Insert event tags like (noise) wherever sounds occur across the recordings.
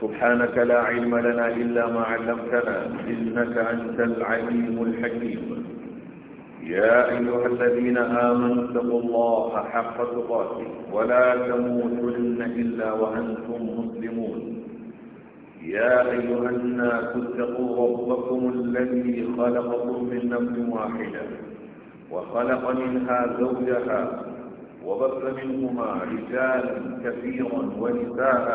سبحانك لا علم لنا إلا ما علمتنا إنك أنت العليم الحكيم يا أيها الذين آمنوا اتقوا الله حق تقاته ولا تموتن إلا وأنتم مسلمون يا أيها الناس اتقوا ربكم الذي خلقكم من نفس واحدة وخلق منها زوجها وبث منهما رجالا كثيرا ونساء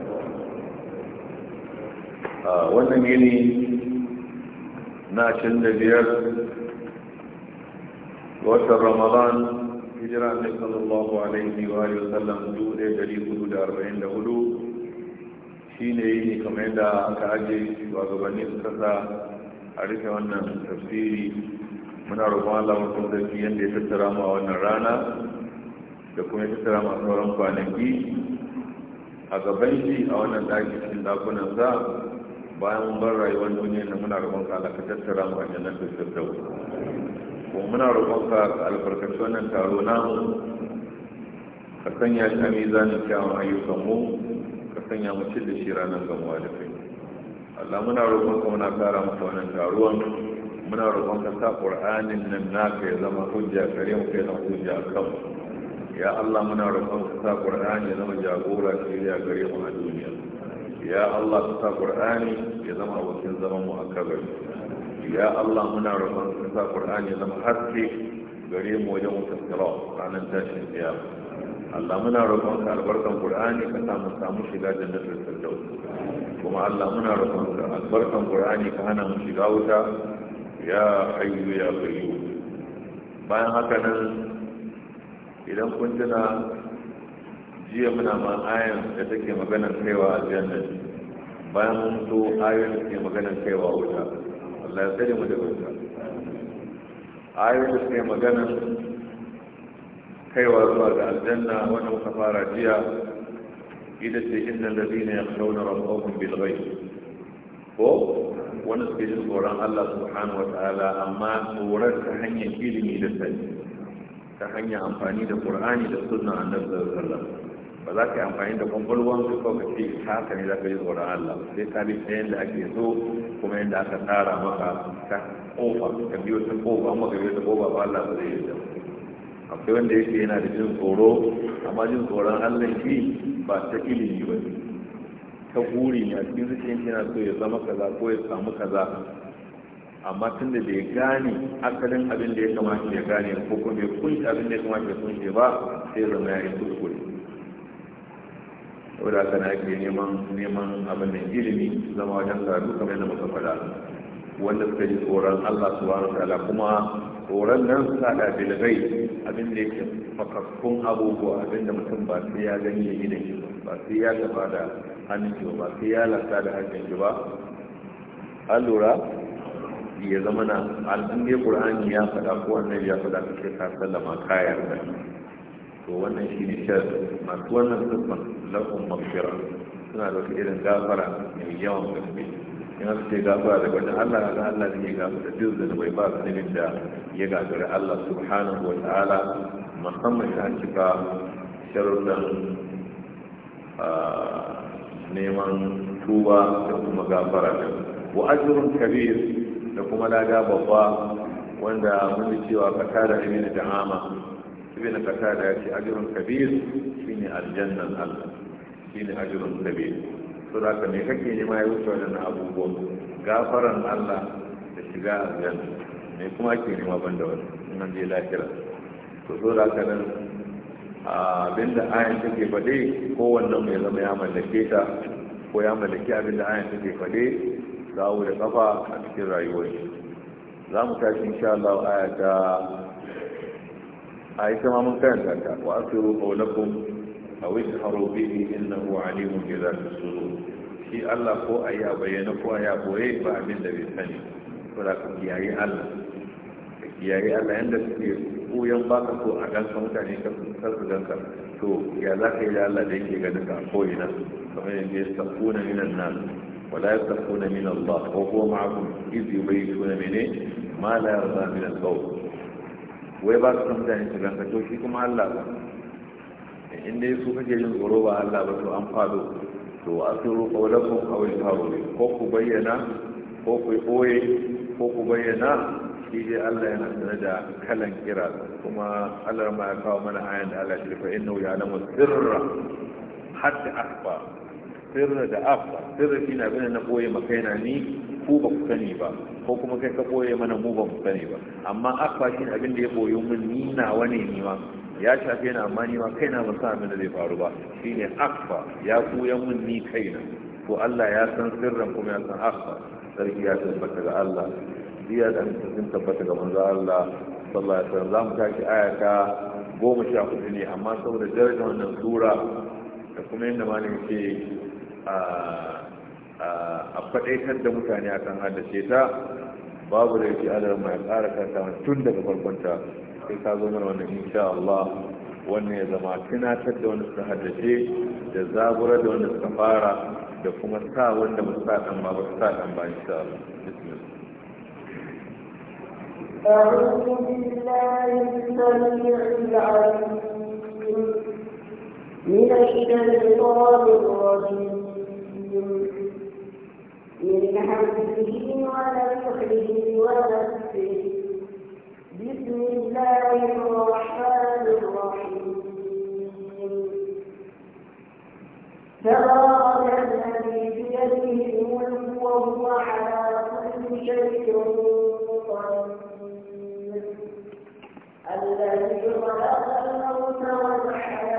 wannan gini na cin da biyar watan ramadan hijira ne sallallahu alaihi wa sallam dubu ɗaya dari hudu da arba'in da hudu shi ne yi ne kamar yadda aka aje wa gabanin kasa a rike wannan tafsiri muna roƙon Allah mutum zarki yadda ya tattara mu a wannan rana da kuma ya tattara mu a sauran kwanaki a gaban shi a wannan ɗaki cikin ɗakunan sa bayan bar rayuwar duniya ne, muna roƙon ka Allah ka tattara mu a jannatul firdaus kuma muna roƙon ka albarkaci wannan taro namu ka sanya shi a mizanin kyawun ayyukan mu ka sanya mu cin da shi ranar gamuwa da kai Allah muna roƙon ka muna kara masa wannan taruwan muna roƙon ka sa ƙur'anin nan naka ya zama hujja kare mu kai na hujja kan ya Allah muna roƙon ka sa ƙur'ani ya zama jagora shirya gare mu a duniya ya Allah ka sa Qur'ani ya zama abokin zaman mu a kabari ya Allah muna roƙon ka sa Qur'ani ya zama haske gare mu wajen wutar sirau ranar tashin kiyama Allah muna roƙon ka albarkan Qur'ani ka sa mu samu shiga jannatul firdaus kuma Allah muna roƙon ka albarkan Qur'ani ka hana mu shiga wuta ya hayyu ya qayyum bayan haka nan idan kun tuna jiya muna ma ayan da take maganar kaiwa a aljanna bayan mun so ayoyin da ke maganar kaiwa wuta Allah ya tsare mu da wuta ayoyin da ke maganar kaiwa zuwa ga aljanna wanda muka fara jiya ita ce inna ladina yakhshawna rabbahum bil ghaib ko wani suke jin tsoron Allah subhanahu wa ta'ala amma tsoron ta hanyar ilimi da sani ta hanyar amfani da Qur'ani da sunna annabi sallallahu alaihi wasallam ba za ka yi amfani da kwakwalwan su ko ka ce ka ne za ka yi tsoron Allah sai ta bi ta yadda ake so kuma yadda aka tsara maka ta kofa ka biyo ta kofa amma ka biyo ta kofa ba Allah ba zai yi da akwai wanda yake yana da jin tsoro amma jin tsoron Allah shi ba ta ilimi ba ta guri ne a cikin zuciyar shi yana so ya zama kaza ko ya samu kaza amma tun da bai gane asalin abin da ya kamata ya gane ko kuma bai kunshi abin da ya kamata ya kunshi ba sai zama ya yi kuskure wadda haka na ake neman neman abin da ilimi zama wajen karatu kamar yadda muka faɗa wanda suka ji tsoron Allah wani wataala kuma tsoron nan sa da bilgai abin da yake makakkun abubuwa abin da mutum ba sai ya gani da gina shi ba sai ya gaba da hannun shi ba sai ya lasa da hannun shi ba an lura ya zama na al'adun ne ya faɗa ko annabi ya faɗa kake ka sallama kayan da to wannan shi ne sharri masu wannan siffan lafin mafiya suna da wata irin gafara mai yawan gaske in aka ce gafara daga wajen allah da allah da ya gafara duk da bai ba zunubin da ya da allah subhanahu wa ta'ala musamman an cika sharuɗan neman tuba da kuma gafara da wa ajrun kabir da kuma lada babba wanda mun cewa da kada ibn da'ama ibn qatada ya ajrun kabir shine aljannan Allah shine ajrun kabir to da ka me kake nema ya wuce da abubuwan gafaran Allah da shiga aljanna ne kuma ake nema banda wannan nan dai lahira to so da ka nan abinda ayan take faɗe wannan mai zama ya mallake ta ko ya mallaki abinda ayan take faɗe zawo da kafa a cikin rayuwar za mu tashi insha Allah aya ta a ita ma mun karanta ta wa asiru qawlakum aw ishharu bihi innahu alimun bi dhati sudur shi Allah ko a ya bayyana ko a ya boye ba abin da bai sani ko da ku kiyaye Allah kiyaye Allah yanda suke koyan baka so a ganka mutane ka su ganka to ya za ka yi da Allah da yake ganin ka ko ina kamar yadda ya sakuna minan nan ولا يتقون من الله وهو معكم إذ يبيتون منه ما لا يرضى من القول wai ba su san mutane su shi kuma Allah ba in dai su kake yin tsoro ba Allah ba to an fado to a sirru qawlakum aw isharu ko ku bayyana ko ku boye ko ku bayyana shi dai Allah yana tare da kalan kira kuma Allah ma ya kawo mana ayan da Allah ya ce fa innahu ya'lamu sirra hatta akhfa sirra da abba sirra shi na bin na boye maka yana ni ku ba ku sani ba ko kuma kai ka boye mana mu ba mu sani ba amma abba shi abin da ya boyo min ni na wane ni ma ya shafe na amma ni ma kaina ban san abin da zai faru ba shine abba ya koya min ni kaina to Allah ya san sirran kuma ya san abba sarki ya tabbata ga Allah jiya da sun tabbata ga manzo Allah sallallahu alaihi wasallam zamu tashi ayata goma sha hudu ne amma saboda darajar wannan sura da kuma yadda malin ke a faɗaitar da mutane a kan haddace ta babu da yake adar mai ƙara kanta tun daga farkonta sai ka zo mana wannan insha Allah wannan ya zama tunatar da wanda suka haddace da zagura da wanda suka fara da kuma sa wanda ba sa ɗan ba ba sa ɗan ba insha Allah أعوذ بالله السميع العليم من الشيطان الرجيم بسم الله الرحمن الرحيم تبارك الذي بيده الملك وهو على كل شيء قدير الذي خلق الموت والحياه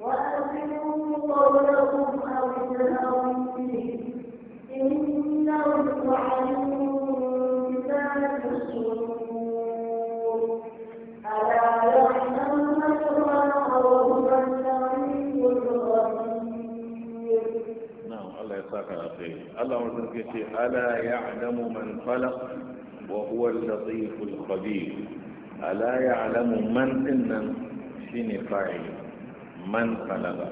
وأقيموا قولكم أو إنهم saka alkhairi Allah wa sarki ce ala ya'lamu man khalaq wa huwa al-latiful khabir ala ya ya'lamu man dinnan shine fa'il man khalaqa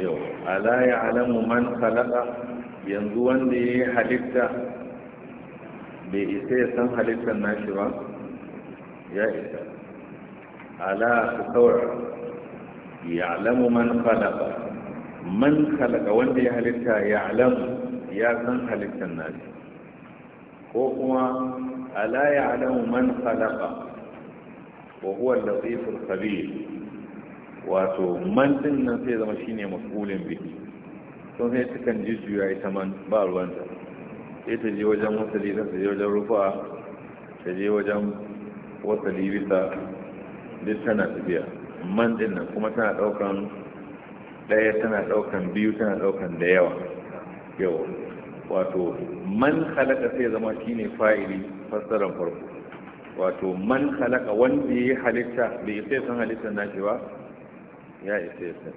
yau ala ya'lamu man khalaqa yanzu wanda ya yi halitta bai isa ya san halittar nashi ba ya isa ala su kawar ya'lamu man khalaqa man khalaqa wanda ya halitta ya alamu ya san halittan nashi ko kuma ala ya alamu man khalaqa wa huwa al-latif al wato man nan sai zama shine mas'ulin bihi sun sai tukan jujjuya ita man ba ruwanta sai ta je wajen wasali ta je wajen rufa ta je wajen wasali bisa duk tana tafiya man din nan kuma tana daukan ɗaya tana ɗaukan biyu tana ɗaukan da yawa yau wato man halaka sai zama shine fa'ili fassarar farko wato man halaka wanda ya yi halitta bai sai san halittar nashi ba ya isa ya san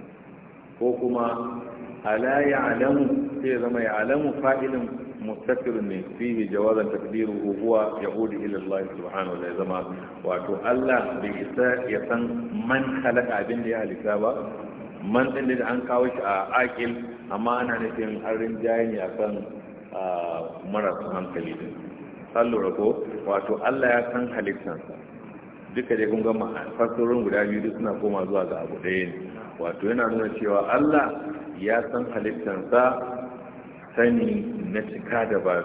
ko kuma ala ya alamu sai zama ya alamu fa'ilin mustaqirun ne fihi jawazan takdiruhu huwa yahudi ila Allah subhanahu wa zama wato Allah bai isa ya san man halaka abin da ya halitta ba man ɗin da an kawo shi a akil amma ana nufin harin jaye ne a kan marasu hankali din sallu rako wato allah ya san halittansa duka dai kun ga fassarorin guda biyu duk suna koma zuwa ga abu ɗaya ne wato yana nuna cewa allah ya san halittansa sani na cika da ba.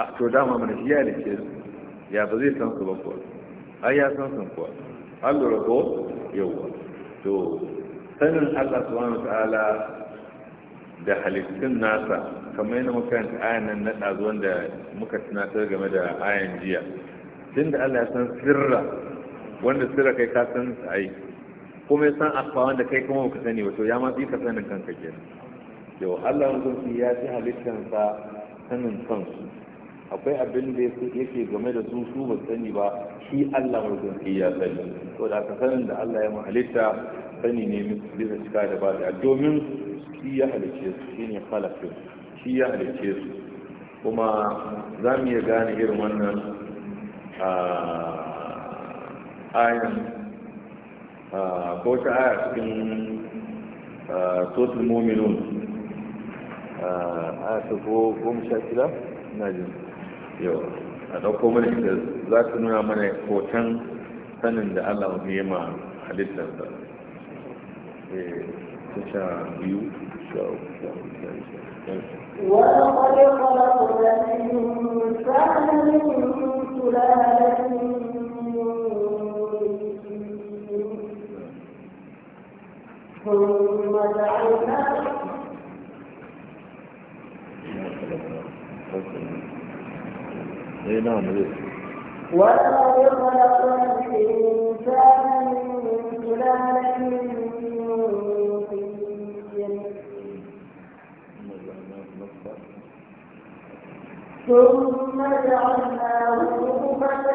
a to dama mana shi ya da ya ba zai san su ba kuwa ai ya san su kuwa an rako ko yauwa to sanin Allah subhanahu ta'ala da halittun nasa kamar yana muka yanta ayan nan na ɗazu wanda muka tunatar game da ayan jiya tun da Allah ya san sirra wanda sirra kai ka san a kuma ya san akwa wanda kai kuma ka sani wato ya ma fi ka sanin kanka ke yau Allah ya gunki ya halittun halittansa sanin kansu akwai abin da yake game da su su ba sani ba shi Allah ya gunki ya sani to ka sanin da Allah ya mu halitta sani ne bisa cika da ba da domin shi ya halice su shi ne halafin shi ya halice su kuma za mu iya gane irin wannan ayan ko ta aya cikin total mominun a ta ko goma sha shida na jin yau a ɗauko mana da za ta nuna mana hoton sanin da allah ne ma halittarsa تسعة بيو ولقد خلقنا الإنسان من سلالة ثم جعلناه ولقد خلقنا الإنسان ثم جعلناه نطفة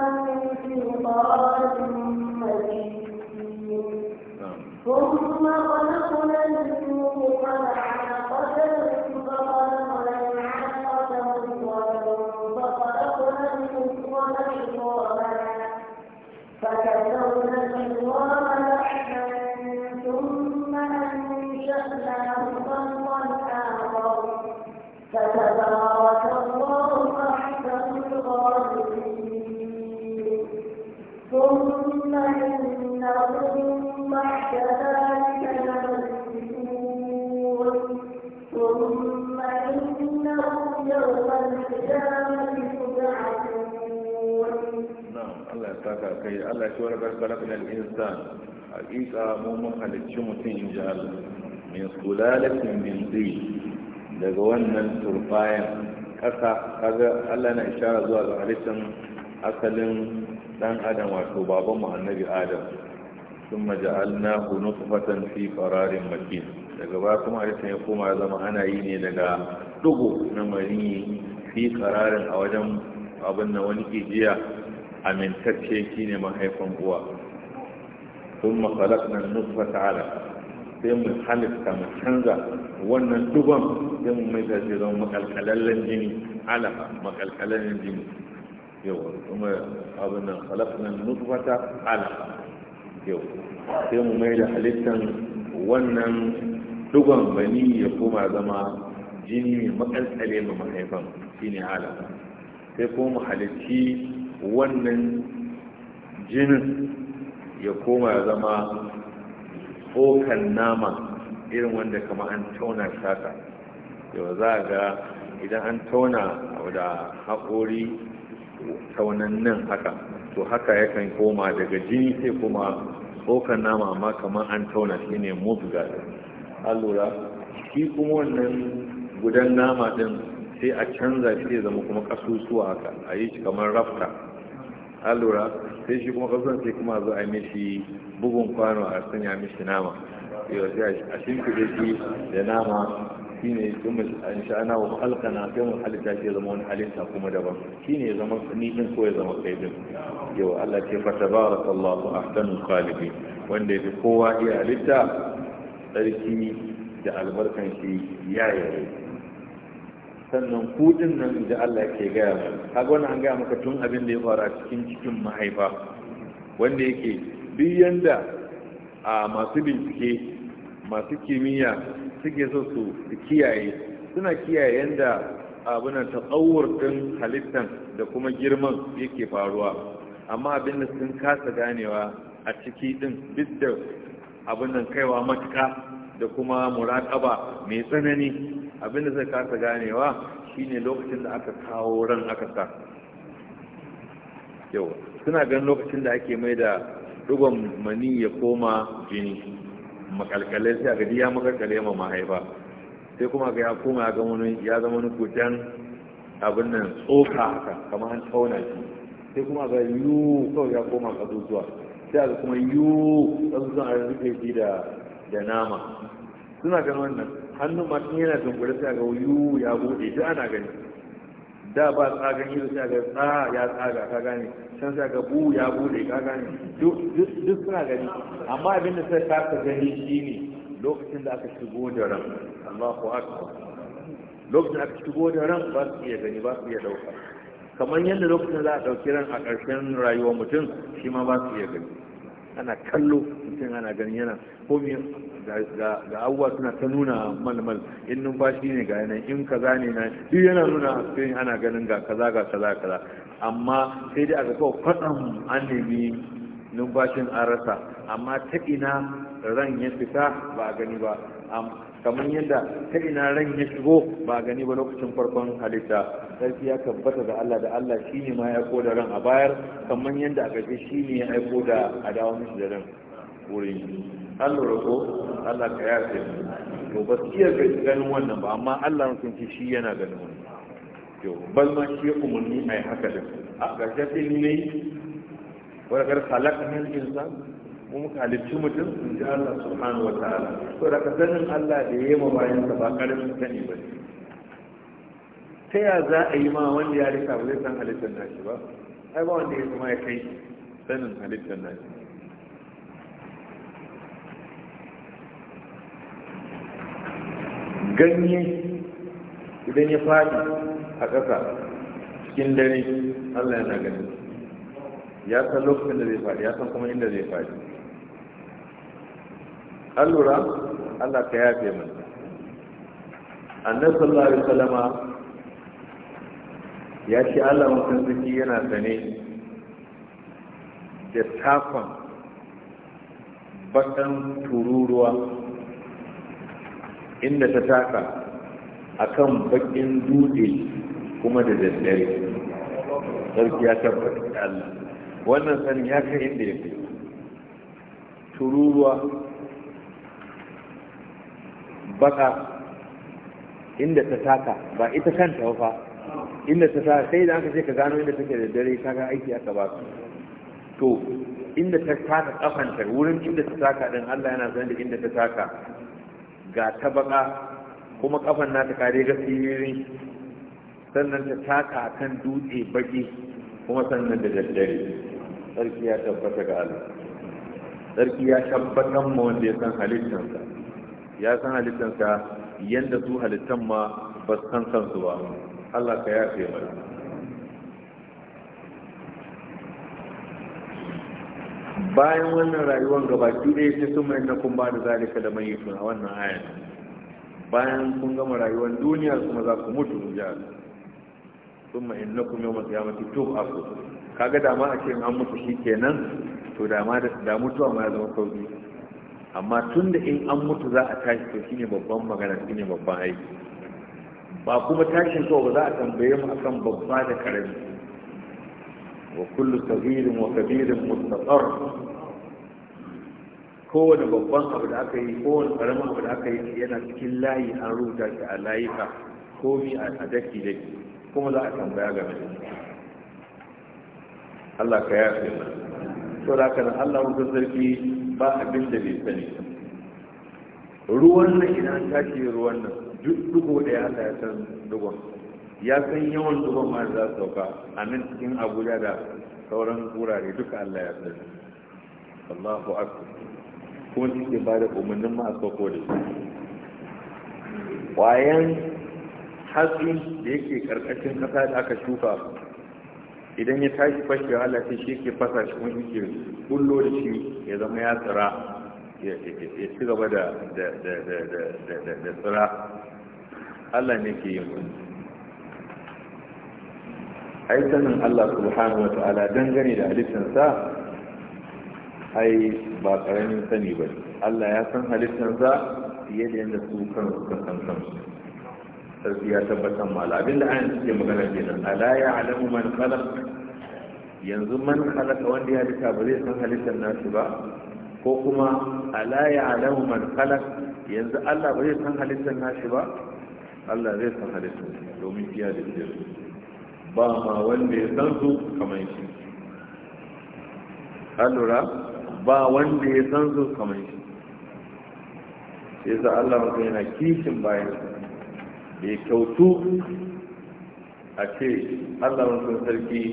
ce wani karkarar nan insan hakika mu mun halicci mutum in ji kula min sulalatin min daga wannan turbayan ƙasa kaga Allah na ishara zuwa ga halittar asalin dan adam wato baban mu annabi adam ثم جعلناه نطفة في قرار مكين daga ba kuma halittar ya koma zama ana yi ne daga dugu na mani fi kararin a wajen abin na wani kijiya amintacce shi ne mahaifin uwa sun nan nufa ta'ala sai mu halitta mu canza wannan duban sai mu mai da zan makalkalallen jini alama makalkalallen jini yau kuma abin nan halaknan nufa ta'ala yau sai mu mai da halittan wannan duban bani ya koma zama jini mai makalkale ma mahaifan shine alama sai kuma mu halicci wannan jinin ya koma ya zama tsokan nama irin wanda kama an tauna shaka yau za a ga idan an tauna da haƙori taunannin haka to haka yakan koma daga jini sai kuma tsokan nama amma kamar an tauna shi ne musga allura shi kuma wannan gudan nama din sai a canza shi zama kuma ƙasusuwa haka a yi shi kamar rafta an sai shi kuma kasan sai kuma zo a mishi bugun kwano a sanya mishi nama yau sai a shimfiɗe shi da nama shi ne in sha ana wa alkana sai mu halitta ke zama wani halitta kuma daban shi ne zama ni din ko ya zama kai yau Allah ce fa tabarakallahu ahsanul kwalibi. wanda yafi kowa iya halitta sarki da albarkan shi ya yare sannan kudin nan da Allah ke gaya mu kaga wannan an gaya maka tun abin da ya faru a cikin cikin mahaifa wanda yake duk yanda a masu bincike masu kimiyya suke so su kiyaye suna kiyaye yanda abunan tsawur din halittan da kuma girman yake faruwa amma abin da sun kasa ganewa a ciki din duk da abin nan kaiwa matuka da kuma muraƙaba mai tsanani Abin da zai kasa ganewa shine lokacin da aka kawo ran aka sa yau suna ganin lokacin da ake mai da dugon mani ya koma jini makalkalai sai a gadi ya makalkale ma mahaifa sai kuma ga ya koma ya zama wani ya zama wani gudan abin nan tsoka haka kamar an tauna shi sai kuma ga yu kawai ya koma kazuzuwa sai ga kuma yu kazuzuwa a rufe shi da da nama suna ganin wannan hannun masu yana dungure sai ga wuyu ya bude duk ana gani da ba tsagan ido sai ga tsa ya tsaga ka gane can sai ga bu ya bude ka gane duk suna gani amma abin da sai ka gani ne lokacin da aka shigo da ran Allahu akbar lokacin da aka shigo da ran ba su iya gani ba su iya dauka kamar yadda lokacin za a dauki ran a ƙarshen rayuwar mutum shi ma ba su iya gani ana kallo mutum ana gani yana ko ga abubuwa suna ta nuna malmal in numfashi ne ga yanayi in kaza ne na duk yana nuna sai ana ganin ga kaza ga kaza kaza amma sai dai aka kawo faɗan an nemi numfashin an rasa amma ta ina ran ya fita ba a gani ba kamar yadda ta ina ran ya shigo ba a gani ba lokacin farkon halitta sarki ya tabbata da Allah da Allah shine ma ya da ran a bayar kamar yadda a gaje shine ya aiko da adawa mishi da ran wurin Allah rako Allah ka yafe to ba su iya ganin wannan ba amma Allah sun ce shi yana ganin wannan to bal ma shi umarni mai haka da a ga sai ni ne wa kar min insan mu muka halicci mutum in ji Allah subhanahu wa ta'ala to da sanin Allah da yayi ma bayan sa ba karamin sani ba ta ya za a yi ma wanda ya rika ba zai san halittar nashi ba ai ba wanda ya kuma ya kai sanin halittar nashi ganye idan ya faɗi a ƙasa cikin dare allah yana ganin ya san lokacin da zai faɗi ya san kuma inda zai faɗi allura lura allah ka yafe mai annabi sallallahu alaihi salama ya ce allah mutum zaki yana sane da tafan bakan tururuwa inda ta taka a kan bakin dutse kuma da daddare sarki ya tabbata da Allah wannan sanin ya kai inda ya fi tururuwa baka inda ta taka ba ita kanta fa inda ta taka sai da aka ce ka gano inda take da dare ka ga aiki aka ba su to inda ta taka kafanta wurin inda ta taka din Allah yana sanar da inda ta taka ga ta baka kuma kafan nata kare ga siririn sannan ta taka kan dutse baki kuma sannan da daddare sarki ya tabbata ga Allah sarki ya tabbata ma wanda ya san halittansa ya san halittansa yanda su halittan ma ba san kansu ba Allah ka yafe mana bayan wannan rayuwar gabaki ɗaya sai sun mai na ba da zalika da mai a wannan ayan bayan kun gama rayuwar duniya kuma za ku mutu in sun mai na yau masu yamata tuf a ku kaga dama a ce an mutu shi kenan to dama da mutu ma ya zama sauki amma tun da in an mutu za a tashi to shine babban magana shine babban aiki ba kuma tashin kawai ba za a tambaye mu akan babba da karami wa kullu sabirin wa kabirin mustaqar kowane babban abu da aka yi kowane karamin abu da aka yi yana cikin layi an rubuta shi a layuka komi a daki daki kuma za a tambaya game da shi Allah ka yafe mana to da haka Allah mutum sarki ba abin da bai sani ruwan nan idan ce ruwan nan duk dugo da ya Allah ya san dugon ya san yawan dugon ma za su sauka amin cikin Abuja da sauran wurare duka Allah ya sani Allahu akbar kuma shi ke bada umarnin ma a sauko da su ƙwayan hatsi da yake ƙarƙashin ƙasa da aka shuka idan ya tashi fashe Allah sai shi yake fasa shi kuma yake kullo da shi ya zama ya tsira ya ci gaba da tsira Allah ne ke yin wani ai sanin Allah subhanahu wa ta'ala dangane da halittarsa ai ba karamin sani ba Allah ya san halittar za fiye da yadda su kan suka san kansu sarki ya tabbatar mala abinda an ke magana kenan ala ya alamu man khalaq yanzu man khalaqa wanda ya halitta ba zai san halittar nashi ba ko kuma ala ya alamu man khalaq yanzu Allah ba zai san halittar nashi ba Allah zai san halittar domin fiya da su ba ma wanda ya san su kamar shi allura ba wanda ya san su kamar shi sai za Allah mutum yana kishin bayan bai kyautu a ce Allah mutum sarki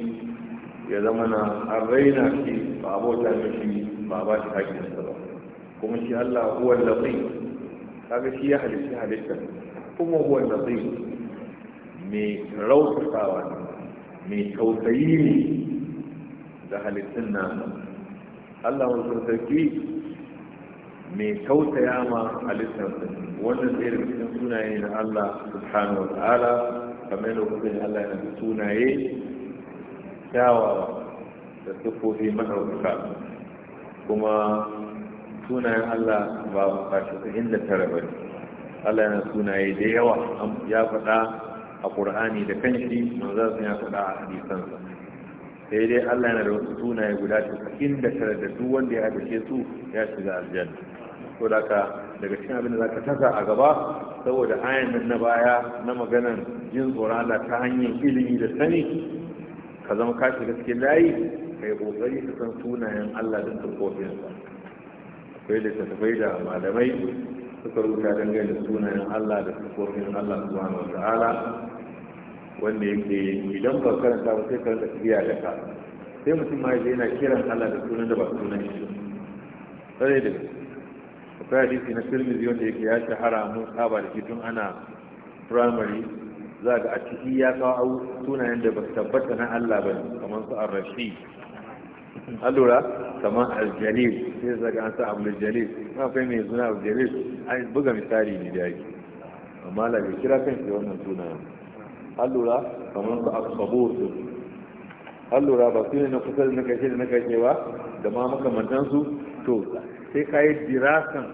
ya zama na an raina shi ba abota shi ba ba shi hakinsa ba kuma shi Allah huwa lafi kaga shi ya halitta halitta kuma huwa lafi mai rautatawa ne mai tausayi ne da halittun nasa Allah wajen sarki mai tausaya ma halittarsa wannan ɗaya daga cikin sunaye na Allah subhanahu wa ta'ala kamar yadda kuka ne Allah yana da sunaye kyawawa da siffofi maɗaukaka kuma sunayen Allah ba ba shi inda tara ba Allah yana sunaye da yawa ya faɗa a Qur'ani da kanshi manzo ya faɗa a hadisansa sai dai Allah yana da wasu sunaye guda casa'in da tare da duk wanda ya ke su ya shiga aljanna ko da ka daga cikin abin da za ka tasa a gaba saboda ayan na baya na maganar jin tsoron Allah ta hanyar ilimi da sani ka zama ka shiga cikin layi kai kokari ka san sunayen Allah da sa akwai da littattafai da malamai suka rubuta dangane da sunayen Allah da kofin Allah subhanahu wa ta'ala wanda yake idan ba karanta ba sai karanta tafiya da ka sai mutum ma yaje yana kiran Allah da sunan da ba sunan shi sai da akwai hadisi na Tirmidhi wanda yake ya shahara mun saba da shi tun ana primary za ga a ciki ya kawo sunayen da ba su tabbata na Allah ba kamar su ar-rashid allura kamar Al-Jalil sai zaga an sa abu jalil ma kai mai suna abu jalil an buga misali ne da yake amma la bai kira kan shi wannan sunayen allura kamar su asabutu allura ba su ne na kusa da na kashe da na kashe ba da ma makamantansu to sai ka yi dirasan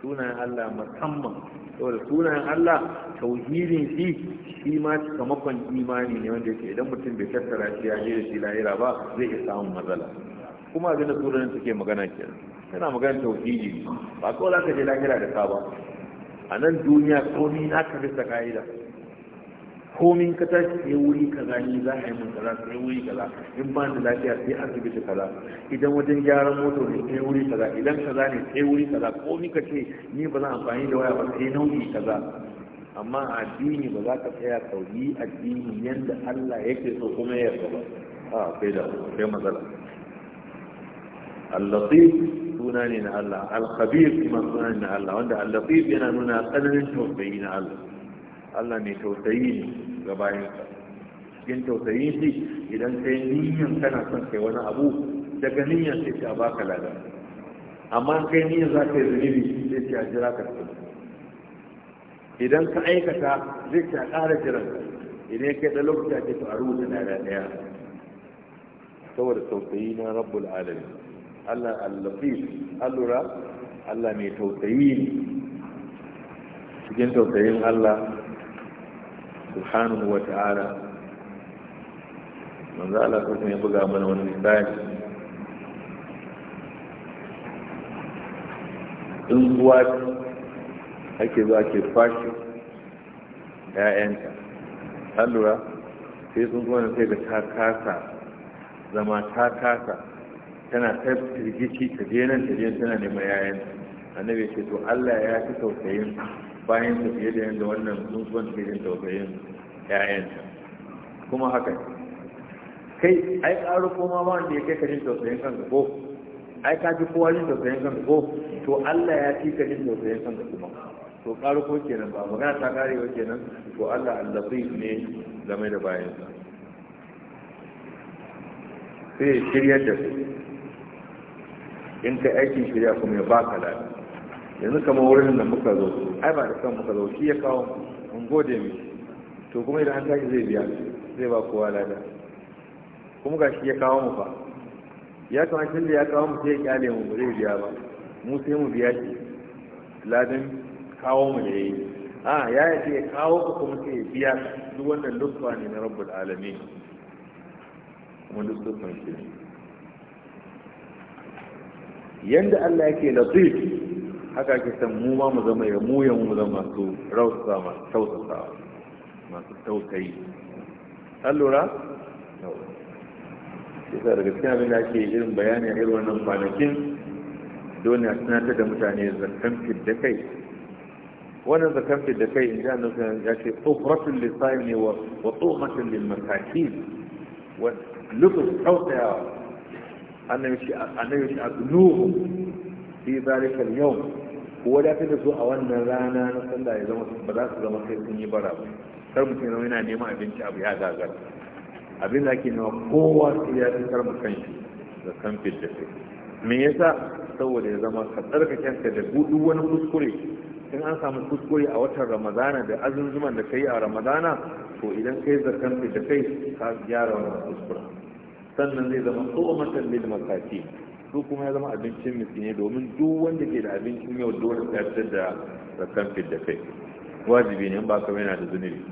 sunayen allah musamman saboda sunayen allah tauhidin shi shi ma sakamakon imani ne wanda yake idan mutum bai tattara shi ya je da shi lahira ba zai iya samun matsala kuma abin da sunan suke magana kenan yana magana tauhidi ba kawai za ka je lahira da ka ba a nan duniya komi na ka bisa ka'ida komin ka tashi sai wuri kaza ni za a yi mun kaza sai wuri kaza in ba da lafiya sai an asibiti kaza idan wajen gyaran moto ne sai wuri kaza idan kaza ne sai wuri kaza komin ka ce ni ba zan amfani da waya ba sai nauyi kaza amma addini ba za ka tsaya ka yi addini yadda Allah yake so kuma ya yarda ba a sai da sai matsala al-latif suna ne na Allah al-khabir kuma suna ne na Allah wanda al-latif yana nuna tsananin tausayi na Allah Allah mai tausayi ne ga bayansa cikin tausayi shi idan kai niyyar kana son kai wani abu daga niyyar sai ta baka lada amma kai niyyar za ka yi zunubi sai a jira ka idan ka aikata zai ta ƙara jiran idan kai da lokaci ake to a rubuta lada ɗaya saboda tausayi na rabbul alamin Allah al allura Allah mai tausayi ne cikin tausayin Allah subhanahu wa ta'ala manzo Allah ko ya buga mana wani misali in uwa ake zuwa ke fashi ‘ya'yanta an lura sai sun zuwa sai da ta kasa zama ta kasa tana ta firgici ta je nan ta je tana neman ‘ya'yanta annabi ce to Allah ya fi tausayin bayan ta fiye da yadda wannan tsuntsuwan ke jin tausayin ƴaƴanta kuma haka kai ai ƙaro koma ba wanda ya kai ka jin tausayin kanka ko ai ka ji kowa jin tausayin kanka ko to Allah ya ci ka jin tausayin kanka kuma to ƙaro ko kenan ba magana ta ƙarewa kenan to Allah Allah ne game da bayansa sai shiryar da su in ka aikin shirya kuma ya baka lafiya yanzu kamar wurin da muka zo ai ba da kan muka zo shi ya kawo mun gode mi to kuma idan an tashi zai biya zai ba kowa lada kuma ga shi ya kawo mu fa ya kamata da ya kawo mu sai ya kyale mu zai biya ba mu sai mu biya shi ladin kawo mu da yayi a ya yace ya kawo ku kuma sai ya biya duk wannan lufa ne na rabbul alamin kuma duk lutfan shi ne yanda Allah yake latif haka ake san mu ma mu zama ya muyan mu zama masu rausa masu tausasawa masu tausayi an lura yasa daga cikin abin da ake irin bayani a irin wannan kwanakin dole a tunatar da mutane zakan fidda kai wannan zakan fidda kai in ji annabi ya ce tsofratun lissahi ne wa tsomatun lilmataki wa lufin tausayawa annabi shi a a nuhu fi zalikal yau da wadatar da su a wannan rana na sallah ya zama ba za su zama kai sun yi bara ba kar mu kenan yana neman abinci abu ya gagara abin da ake nema kowa su ya fi kar mu kanshi da kan da kai me yasa saboda ya zama ka tsarkaken ka da duk wani kuskure in an samu kuskure a watan ramadana da azunzuman da kai a ramadana to idan kai zakan da kai ka gyara wannan kuskure sannan zai zama tsohon matan lil masaki su kuma ya zama abincin ne domin duk wanda ke da abincin yau dole ya fitar da rakan fit da kai wajibi ne ba kamar yana da zunubi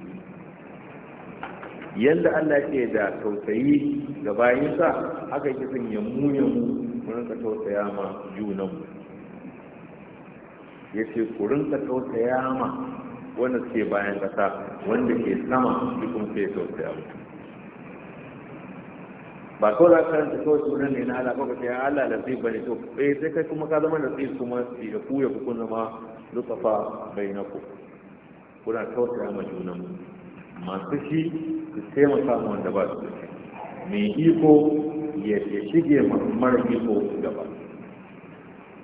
yadda Allah ke da tausayi ga sa haka yake son ya muya mu mu rinka tausaya ma junan mu yace ku rinka tausaya ma wanda ke bayan kasa wanda ke sama duk kuma ke tausaya mu ba ko za ka ta kawai sunan ne na alaƙa ba ka ce da latif bane to eh sai kai kuma ka zama da latif kuma ya ku ya ku zama lutsafa ku. kuna tausaya ma junan masu shi su taimaka ma wanda ba su mai iko ya shige mara iko gaba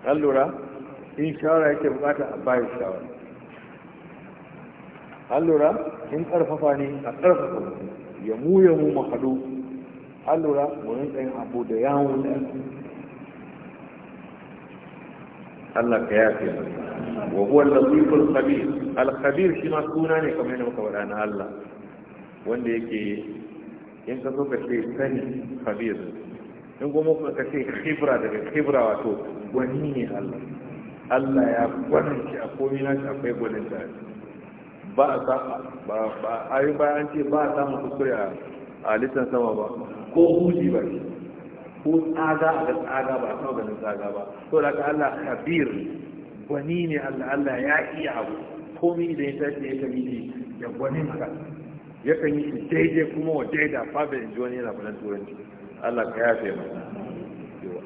an lura in shawara yake bukata a bayan shawara an lura in karfafa ne a karfafa ya mu ya mu mahadu alura wurin mu abu da yawon Allah ka fi wa huwa al-latiful khabir al-khabir shi ma suna ne kamar yadda muka faɗa na Allah wanda yake in ka so ka ce sani khabir in kuma ka ce khibra daga khibra wato gwani ne Allah Allah ya gwaninci a komi na shi akwai gwaninta ba a ba ba a yi bayan ce ba a samun kuskure a a halittar sama ba ko huji ba shi ko tsaga a ga tsaga ba a sama ganin tsaga ba to da ka Allah kabir gwani ne Allah Allah ya iya abu komi da ya tashi ya tafi ne ya gwani haka ya kan yi shi daidai kuma wa daida fabe in ji wani yana faɗin turanci Allah ka yafe mana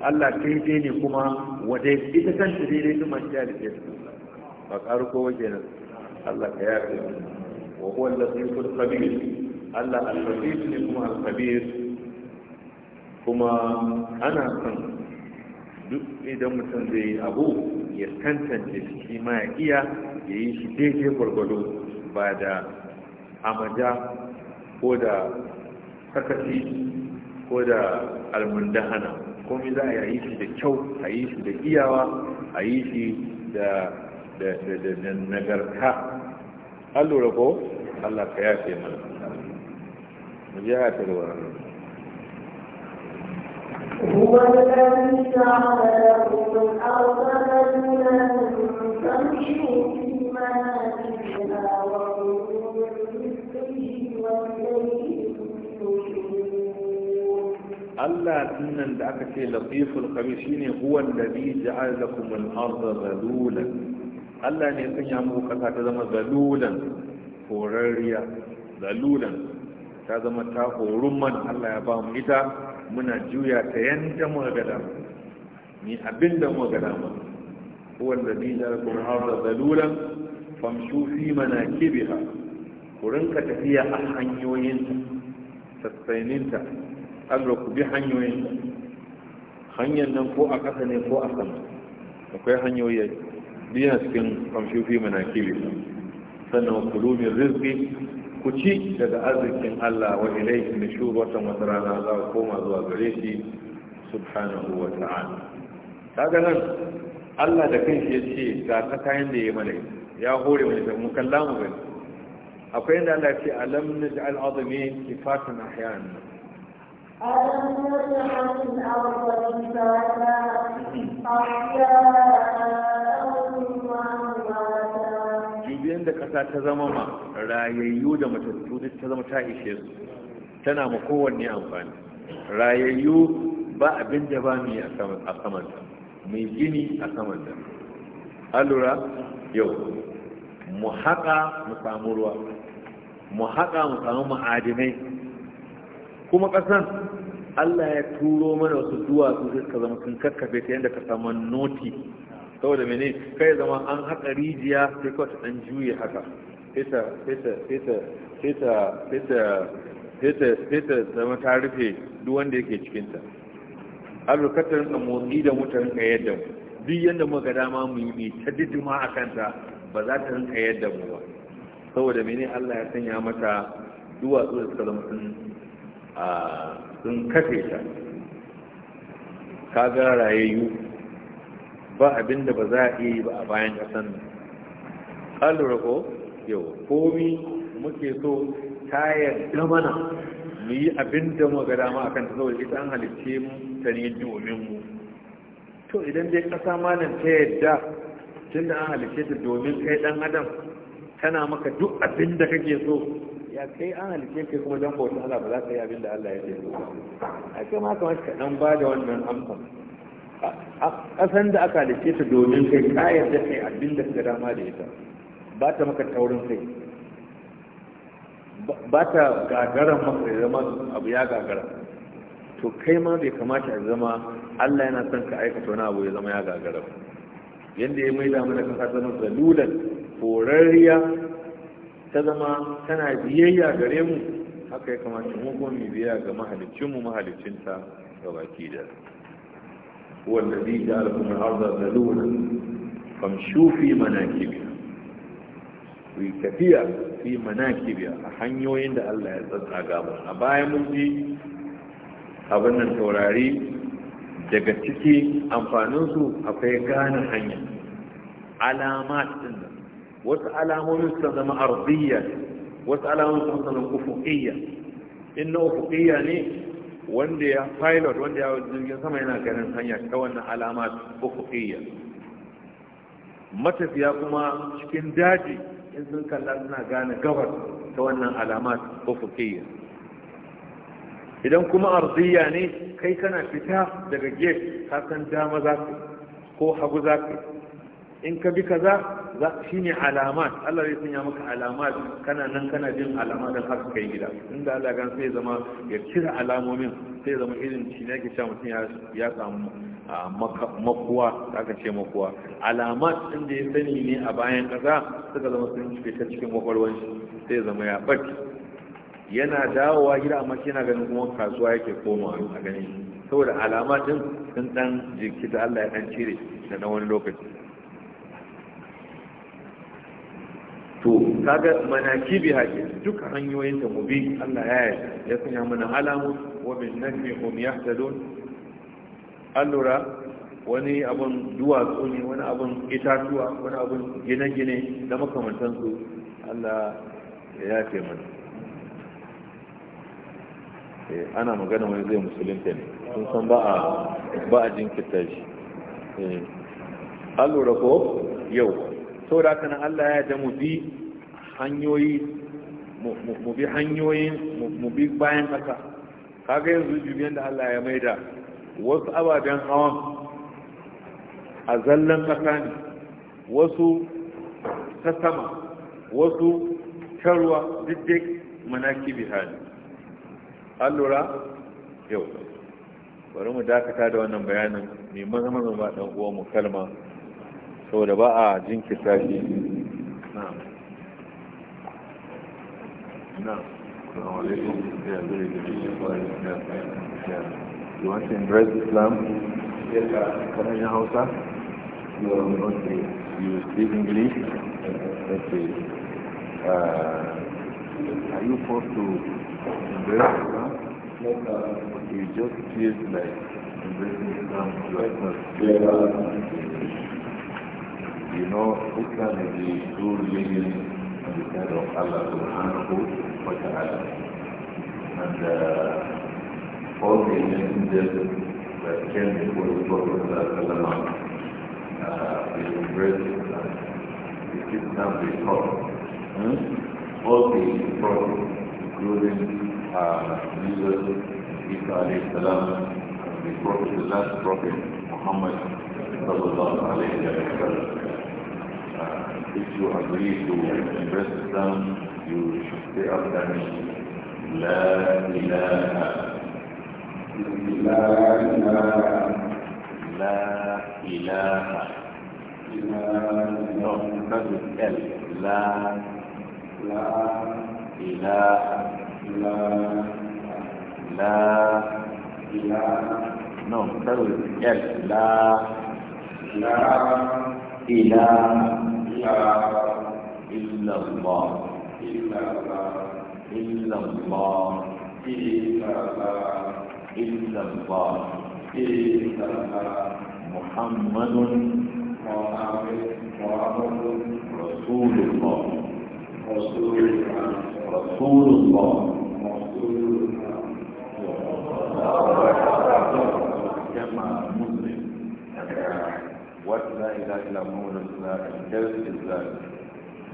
Allah daidai ne kuma wa daidai ita kanta daidai kuma shi ya da ke ba ƙaru ko wajen Allah ka yafe mana wa huwa latiful khabir Allah al fatih ne kuma al kabir kuma ana son duk idan mutum zai yi abu ya tantance shi ma ya iya ya yi shi daidai gwargwado ba da amaja ko da sakaci ko da almundahana komai za a yi shi da kyau a yi shi da iyawa a yi shi da nagarta allura ko allah ka yafe mana جهة الوالد هو الذي جعل لكم الأرض ذلولا فامشوا في مناكبها وكلوا من رزقه وإليه Allah dinnan da aka ce latiful khabir shine huwa allazi ja'ala lakum al-ardha zalulan Allah ne ya sanya muku kasa ta zama zalulan horarriya zalulan ta zama ta horun man Allah ya ba mu ita muna juya ta yanda mu ga dama ni abin da mu ga dama wanda bi da kun hafa zalulan famshu fi manakibiha ku rinka tafiya a hanyoyin sassaininta Allah ku bi hanyoyin. hanyar nan ko a ƙasa ne ko a sama akwai hanyoyi biyan cikin famshu fi manakibiha sannan kulumin rizki ku ci daga arzikin Allah wa ilaihi nushur watan wata rana za ku koma zuwa gare shi subhanahu wa ta'ala kaga nan Allah da kanshi ya ce ga ta kayan da ya mana ya hore mu da mu kallamu mu akwai inda Allah ya ce alam naj'al azmi sifatan ahyan alam naj'al azmi sifatan ahyan ƙasa ta zama ma rayayyu da matattu duk ta zama ta ishe su tana ma kowanne amfani rayayyu ba abin da ba mu yi a samanta mai gini a samanta allura yau mu haƙa mu samu ruwa mu haƙa mu samu ma'adinai kuma ƙasan Allah ya turo mana wasu duwatsu sai ka zama sun kakkafe ta yadda ka samu noti saboda mene kai zama an haka rijiya sai kawai ta dan juye haka sai ta zama ta rufe duk wanda yake cikinta har katar da motsi da mutan ka yadda mu duk yadda muka dama mu yi ta didima a kanta ba za ta rinka yadda mu ba saboda mene Allah ya sanya mata duwatsu da suka zama sun ah, kafe ta kaga rayayyu ba abin da ba za a iya yi ba a bayan ƙasan nan ƙalura yau komi muke so ta yarda mana mu yi abin da mu ga dama a kan ta zaune ita an halicce mu ta ne domin mu to idan dai ƙasa malam ta tun tunda an halicce ta domin kai ɗan adam tana maka duk abin da kake so ya kai an halitce kai kuma don bautan Allah ba za ka yi abin da Allah ya ce so a kai ma kamar ka dan ba da wannan amsa a ƙasan da aka dace ta domin kai kayar da kai abin da ka dama da ita ba ta maka taurin kai ba ta gagaran maka zama abu ya gagara to kai ma bai kamata ya zama Allah yana son ka aikata wani abu ya zama ya gagara yadda ya damu na kasa zama zalulan horarriya ta zama tana biyayya gare mu haka ya kamata mu kuma mu biya ga mahalicinmu mahalicinta ga baki da هو الذي جعلكم الأرض ذلولا فامشوا في مناكبها ويكفيها في مناكبها أحنيوين دا الله يتسعى قابل أبايا مجي أبنى التوراري daga ciki amfaninsu akwai gane hanya alamat din wasu alamomin su zama arziyya wasu alamomin su zama ufuqiyya in na ufuqiyya ne wanda ya pilot wanda ya jirgin sama yana ganin hanya ta wannan alama ufukiyya matafiya kuma cikin daji in sun kalla suna gane gabar ta wannan alama ufukiyya idan kuma arziya ne kai kana fita daga gate ka san dama za ko hagu za in ka bi kaza za shi ne alamat Allah zai sanya maka alamat kana nan kana jin alama don haka kai gida inda Allah gan sai zama ya cire alamomin sai zama irin shi ne ke cewa mutum ya samu makuwa aka ce makuwa alamat din da ya sani ne a bayan kaza suka zama sun ta cikin kwakwalwar shi sai zama ya barki yana dawowa gida amma shi yana ganin kuma kasuwa yake komawa a ganin saboda alamat din sun dan jikita Allah ya dan cire da na wani lokaci to kaga manakibi haƙi duka hanyoyin da mubi Allah ya yi ya sanya mana alamu wa min nafi hum yahtadun allura wani abun duwatsu ne wani abun itatuwa wani abun gine-gine da makamantan su Allah ya ce mana eh, ana magana wani zai musulunta ne sun san ba a ba a jinkirta shi eh, allura ko yau da haka nan Allah ya da mu bi hanyoyi mu bi hanyoyin mu bi bayan ƙasa kaga yanzu biyan da Allah ya maida wasu ababen hawan a zallan ƙasa ne wasu ta sama wasu ta ruwa duk manaki bihani hali allura yau bari mu dakata da wannan bayanin mai maza ba ɗan uwa mu kalma saboda ba a jinkirta shi You want to embrace Islam? Yes, sir. Can I help Hausa? No, okay. You speak English? Okay. Uh, are you forced to embrace Islam? No, sir. You just feel like embracing Islam. You are not. You know, Islam is the true on the side of Allah subhanahu wa ta'ala. And uh, all the messengers that came before the Prophet uh, they embraced Islam. It is now Hmm? All the prophets, including uh, Jesus, Isa alayhi salam, and the prophet, the last prophet, Muhammad sallallahu alayhi wa sallam uh, if you agree to invest them, you should say after me, La ilaha. La ilaha. La ilaha. No, not with L. La. La. Ilaha. La. La. Ilaha. No, start with L. La. La. إله إلا الله إلا الله إلا الله إلا الله إلا الله إلا الله محمد محمد رسول الله رسول الله رسول الله كما مسلم What La ilaha illa Muhammad Rasulullah tells is that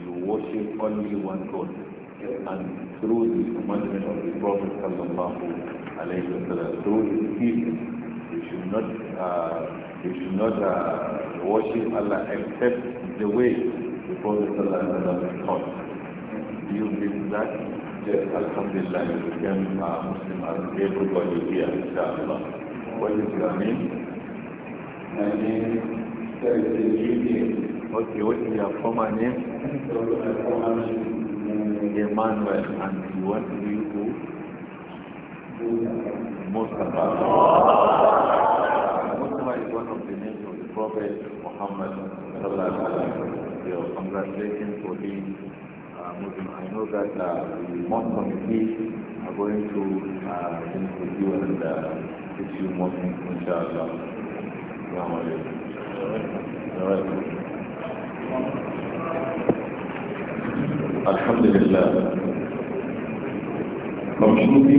you worship only one God. And through the commandment of the Prophet Sallallahu Alaihi Wasallam, through his teaching, you should not, uh, you should not uh, worship Allah except the way the Prophet Sallallahu Alaihi Wasallam taught. Do you believe that? Yes, Alhamdulillah, you became a uh, Muslim as everybody here, inshallah. What is your name? My name Okay, what is your former name? Emmanuel. And what do you do? Mustafa. Mustafa is one of the names of the Prophet Muhammad. We are congratulating for him. Uh, I know that uh, the Muslim Committee are going to uh, with you and uh, teach you more inshallah. Assalamu الحمد fi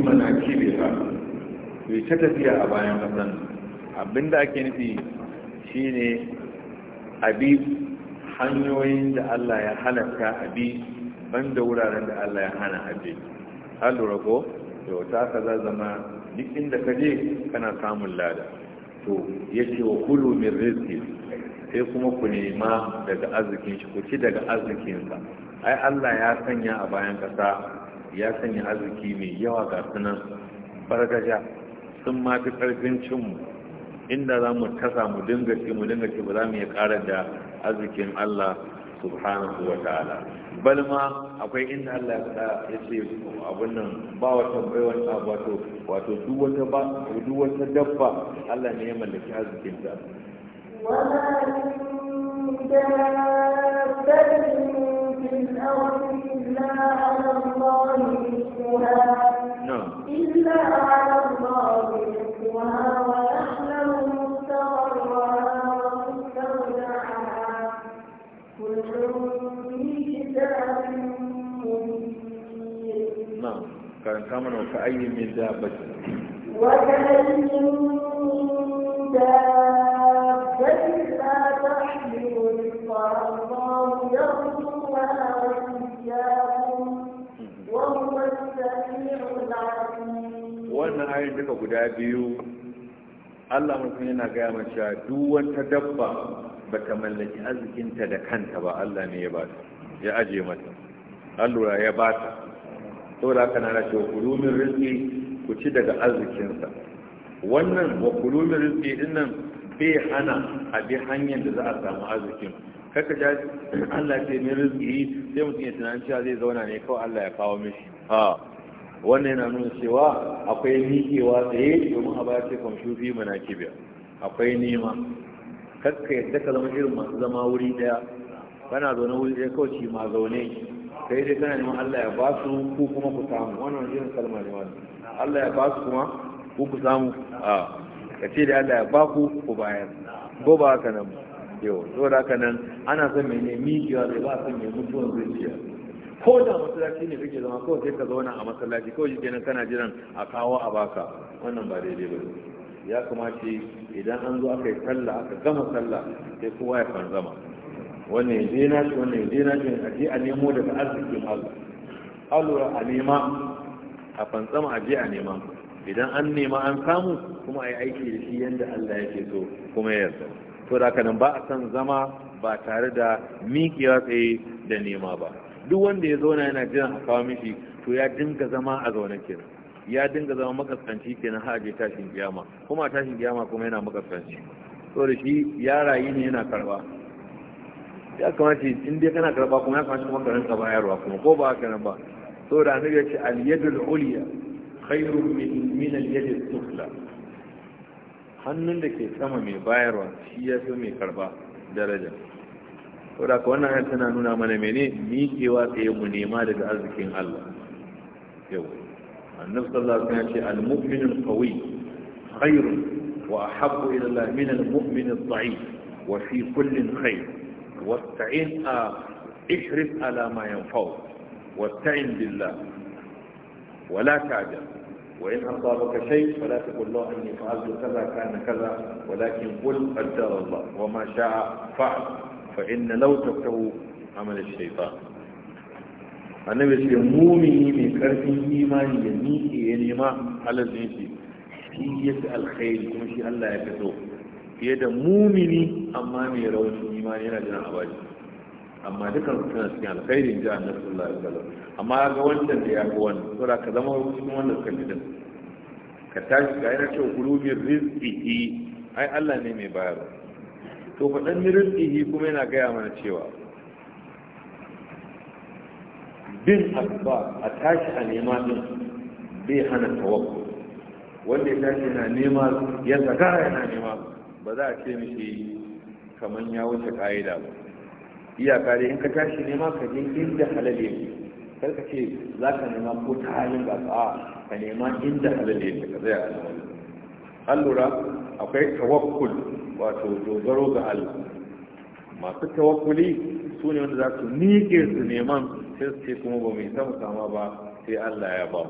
mana ba ta tafiya a bayan kasan abinda ake nufi shine abi hanyoyin da Allah ya halatta abi banda wuraren da Allah ya hana abi halurako lura ko da wata ka zama duk inda ka je kana samun lada to yake wa kulu min rizqi sai kuma ku nema daga arzikin shi ku ci daga arzikinsa ai Allah ya sanya a bayan kasa ya sanya arziki mai yawa ga sunan bargaja sun ma fi karfin mu inda za mu tasa mu dinga ci mu dinga ci ba za mu iya ƙara da arzikin Allah subhanahu wa ta'ala bal ma akwai inda Allah ya ce abun nan ba wata baiwar abu wato wato duk wata ba duk wata dabba Allah ne ya mallaki azukin ta إلا على karanta mana wa ka'ayyin min dabbatin wa ka'ayyin min dabbatin la tahmilu rizqa Allah yarzuquha wa iyyakum wa huwa as-sami'ul 'alim wannan ayoyin duka guda biyu Allah mutum yana gaya mana duk wata dabba ba ta mallaki arzikinta da kanta ba Allah ne ya ba ta ya aje mata allura ya ba ta saboda haka na ce wa kulumin rizki ku ci daga arzikinsa wannan wa kulumin rizki din nan bai hana a bi hanyar da za a samu arzikin kaka ja Allah ya min rizki sai mutum ya tunanin cewa zai zauna ne kawai Allah ya kawo mishi a wannan yana nuna cewa akwai miƙewa tsaye domin a ba ce shufi mana kibiya akwai nema kakka yadda ka zama irin masu zama wuri daya kana zaune wuri daya kawai ma zaune kai dai tana neman Allah ya ba su ku kuma ku samu wannan irin kalma ne wannan Allah ya ba su kuma ku ku samu a ka ce da Allah ya ba ku ku bayar ko ba haka nan yau da haka nan ana son mai ne mijiya da ba son mai zai zuciya ko da masallaci ne kake zama kawai sai ka zauna a masallaci kawai shi kenan kana jiran a kawo a baka wannan ba daidai ba ya kamata idan an zo aka yi sallah aka gama sallah sai kowa ya zama. wannan ya zina shi wannan ya zina shi a je a nemo daga arzikin Allah allura a nema a fantsama a je a nema idan an nema an samu kuma a yi aiki da shi yadda Allah yake so kuma ya yarda to da nan ba a san zama ba tare da miƙewa tsaye da nema ba duk wanda ya zauna yana jiran a kawo mishi to ya dinga zama a zaune kenan ya dinga zama makaskanci kenan har je tashin kiyama kuma tashin kiyama kuma yana makaskanci to da shi ya rayu ne yana karba ya kamata in dai kana karba kuma ya kamata kuma ka bayarwa kuma ko ba haka nan ba saboda annabi ya ce al yadul ulya khairun min min al yadil sufla hannun da ke sama mai bayarwa shi ya fi mai karba daraja saboda ka wannan hanyar tana nuna mana mene miƙewa tsaye mu nema daga arzikin Allah yau annabi sallallahu alaihi wasallam ya ce al mu'minu al qawi khairun wa ahabbu ila Allah min al mu'min al da'if wa fi kullin khair wasta'in a ishris ala ma yanfa'u wasta'in billah wala ta'jal wa in asabaka shay fala taqul la anni fa'altu kaza kana kaza walakin qul qaddara Allah wa ma sha'a fa'al fa inna annabi ce mumini mai karfin imani ya miƙe ya nema halazin shi shi yasa alkhairi kuma shi Allah ya fito fiye da mumini amma mai rauni imani yana jiran abaji amma dukkan su suna cikin alkhairin ji annabi sallallahu alaihi wasallam amma ga wancan da ya ga wannan saboda ka zama cikin wanda suka fi ka tashi ga yana cewa kulubin rizki ai Allah ne mai bayar to faɗan ni rizki kuma yana gaya mana cewa bin asba a tashi a nema din bai hana tawakkul wanda ya tashi yana nema ya zagara yana nema ba za a ce mishi kamar ya wuce ƙa'ida ba iyaka dai in ka tashi nema ka je inda halal ne kar ka ce za ka nema ko ta halin ba a ka nema inda halal ne ka zai alwala an lura akwai tawakkul wato dogaro ga Allah masu tawakkuli su ne wanda za su miƙe su neman sai su ce kuma ba mai samu sama ba sai Allah ya ba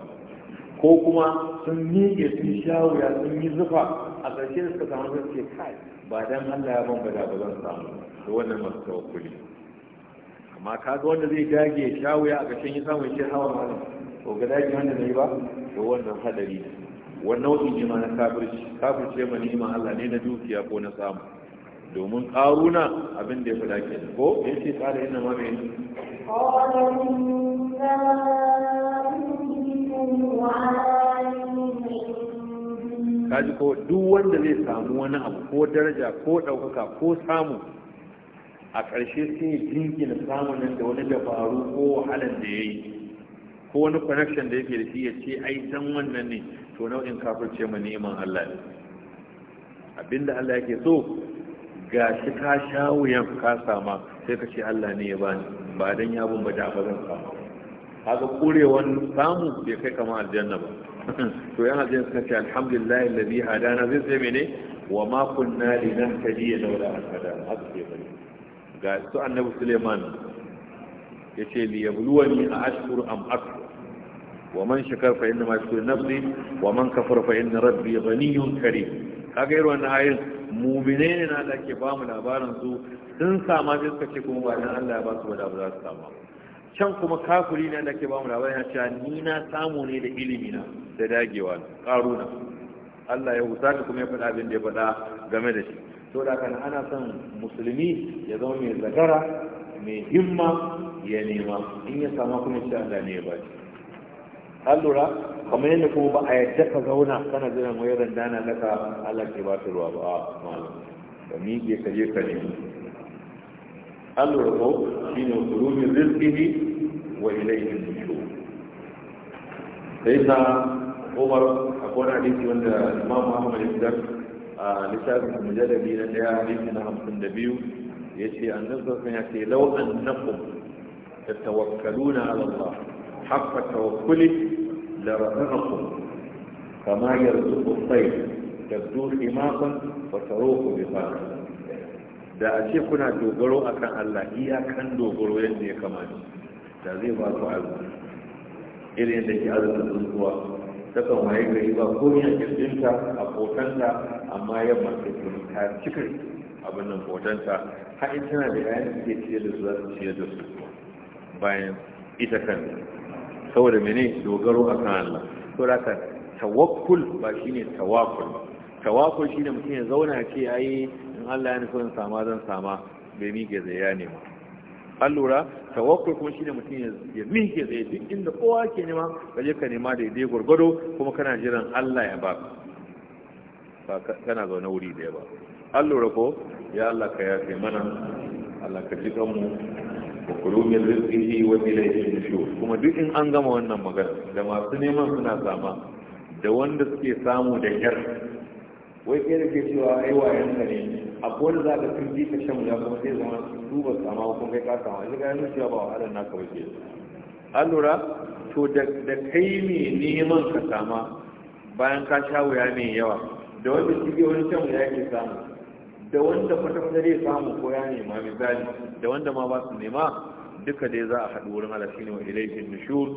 ko kuma sun miƙe sun sha wuya sun yi zufa a ƙarshe da suka samu sun ce kai ba dan Allah ya ban bada ba zan samu da wannan masu tawakkuli amma ga wanda zai dage ya sha wuya a ƙarshen ya samu shi hawa malam to ga dage wanda bai ba to wannan hadari ne wannan nau'i ne ma na kafirci ce ma ni'ima Allah ne na dukiya ko na samu domin ƙaruna abin da ya faɗa da, ko yace kala inna ma bai qala inna kaji ko duk wanda zai samu wani abu ko daraja ko ɗaukaka ko samu a ƙarshe sun yi jingina samun nan da wani dabaru ko wahalar da ya yi ko wani connection da yake da shi ya ce ai dan wannan ne to nau'in kafirce ma neman Allah ne abinda Allah yake so ga shi ka sha wuyan ka sama sai ka ce Allah ne ya bani ba dan ya bin ba da ba zan samu Haka kurewan samu bai kai kama aljanna ba (laughs) to yana jin suka ce alhamdulillah alladhi hadana zai sai mene wa ma kunna linahtadiya laula an hadana haka ke bari ga su annabi Suleiman yace li yabluwani a ashkur am akfur wa man shakar fa inna ma yashkuru nafsi wa man kafara fa inna rabbi ghaniyyun karim kaga irin wannan ayin mu'mine ne na da ke bamu labarin su sun sama sai suka ce kuma ba dan Allah ya ba su wada ba za su sama can kuma kafuri ne da ke ba mu labari ya cewa ni na samu ne da ilimi na da dagewa karuna Allah ya husa ka kuma ya faɗa abin da ya faɗa game da shi to da kan ana son musulmi ya zama mai zakara mai himma ya nema in ya sama kuma shi Allah ne ya ba shi an lura kamar yadda kuma ba a yadda ka zauna kana jiran wayar dana laka Allah ke ba ruwa ba a malam da ka nemi الرقوق حين خروج رزقه وإليه النشور سيدنا عمر أقول حديثي وأن الإمام محمد يقدر آه، لسابق المجلد إلى حديثنا 52 يشي أن نصدق من يأتي لو أنكم تتوكلون على الله حق التوكل لرزقكم كما يرزق الطير تبدو خماصا وتروح بخاطر da a ce kuna dogaro a kan Allah iyakan dogaro yadda ya kamata da zai ba ku arziki irin da ke arziki tsuntsuwa ta kan waye gari ba ko ya kirkinta a kotanta amma yamma ta ta cika abin nan kotanta har in tana da yayan da ke ciyar da su za su da su bayan ita kanta saboda mene dogaro a kan Allah saboda tawakkul ba shine tawakkul tawakul shine mutum ya zauna ce a yi in Allah ya nufin in sama zan sama bai mike zai ya nema allura lura kuma kuma shine mutum ya mike zai duk inda kowa ke nema kaje ka nema daidai gwargwado kuma kana jiran Allah ya ba ba kana zaune wuri da ya ba allura ko ya Allah ka fi mana Allah ka ji kanmu wa kulumin rizqihi wa ilayhi nushur kuma duk in an gama wannan magana da masu neman suna sama da wanda suke samu da yar wai ke da ke cewa ai wayan ka ne akwai wanda za ka kirji ka shan wuya kuma sai zama duba sama ko kai ka sama shi ga yanzu cewa ba wahalar naka ba ke an lura to da kai mai neman ka sama bayan ka sha wuya mai yawa da wanda shi ke wani shan wuya ke samu da wanda kwata-kwata zai samu ko ya nema misali da wanda ma ba su nema duka dai za a haɗu wurin Allah ne wa ilaihin nushur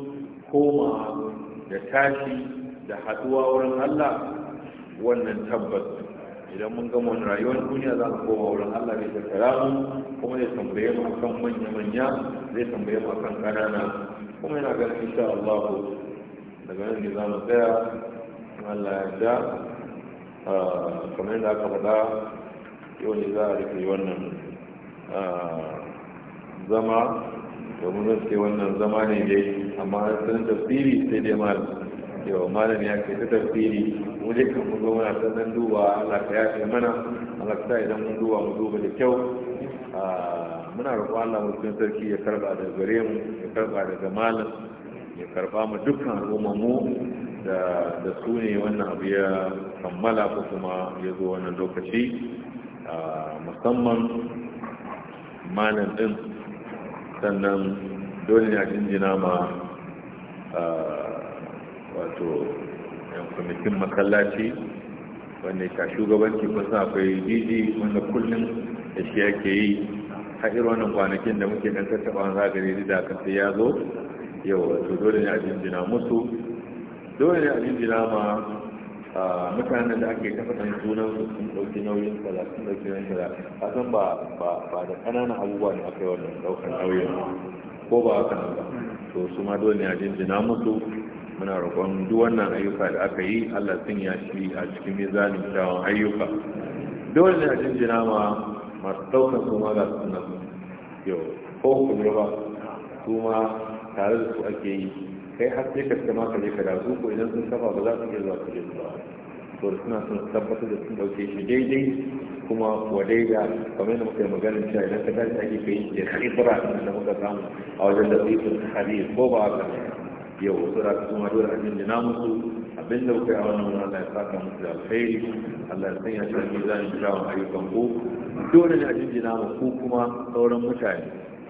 koma da tashi da haɗuwa wurin Allah wannan tabbas idan mun gama wani rayuwar duniya za mu koma wurin Allah ne da karamu kuma zai tambaye mu akan manya manya zai tambaye mu akan kanana kuma yana ganin insha Allah daga nan ne za mu tsaya Allah ya da kamar yadda aka faɗa yau ne za a rike wannan zama domin zai wannan zama ne dai amma sanin tafsiri sai dai ma cewa malam ya ke ta tafsiri mu je kan mun zo muna ta nan duwa Allah ka yafe mana Allah ka idan mun duwa mu duba da kyau ah, muna roƙon Allah mu cikin sarki ya karba da gare mu ya karba daga malam ya karba mu dukkan al'umma mu da da su ne wannan abu ya kammala ko kuma ya zo wannan lokaci ah, musamman malam din sannan dole ne a jinjina ma ah, wato kwamitin masallaci wanda ya shugabanci kusa akwai didi wanda kullum da shi yake yi har irin wannan kwanakin da muke ɗan tattaɓa zagare da aka sai ya zo yau wato dole ne a jinjina musu dole ne a jinjina ma mutanen da ake kafa ɗan sunan su sun ɗauki nauyin kaza sun ɗauki nauyin kaza a san ba ba da ƙananan abubuwa ne aka yi wannan ɗaukar nauyin ko ba haka nan ba to su ma dole ne a jinjina musu muna roƙon duk wannan ayyuka da aka yi Allah sun ya shi a cikin mizanin kyawun ayyuka dole ne a jinjina ma masu ɗaukar su ma ga suna yau ko kuma ba su ma tare da su ake yi kai har sai ka ma ka je ka dawo ko idan sun kafa ba za su iya zuwa ka je ba to suna son tabbatar da sun dauke shi daidai kuma wa da kamar da muka yi maganin cewa idan ka tashi ake kai kai kibra da muka samu a wajen da zai ko ba haka yau su da kasu ma dole a jin dina musu abin da kuka yi a wannan wurin Allah ya saka musu da alkhairi Allah ya sanya shi a mizanin kyawun ayyukan ku dole ne a jinji namu mu ku kuma sauran mutane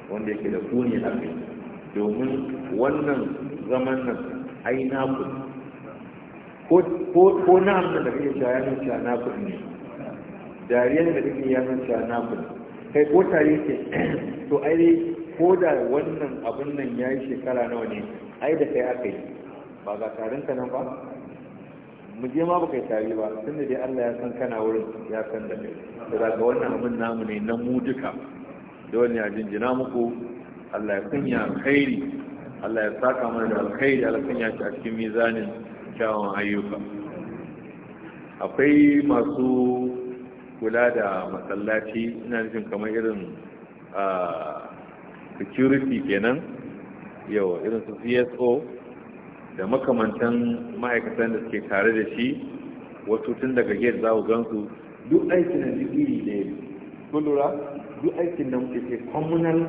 wanda yake da ku ne a kai domin wannan zaman nan ai naku ko na amsa da kake cewa ya nuna cewa naku ne dariyar da kake ya nuna cewa naku ne kai ko tare ke to ai ko da wannan abin nan ya yi shekara nawa ne ai da kai aka yi ba ga tarin nan ba mu je ma ba kai tari ba tunda dai Allah ya san kana wurin ya san da kai da ga wannan abin namu ne na mu duka dole ya a jinjina muku Allah ya sanya alkhairi Allah ya saka mana da alkhairi Allah sanya shi a cikin mizanin kyawun ayyuka akwai masu kula da masallaci ina jin kamar irin ah, security kenan yawa irin su cso da makamantan ma'aikatan da suke tare da shi wasu tun daga gate za ku gansu duk aikin da duk iri ne kun lura duk aikin da muke ke communal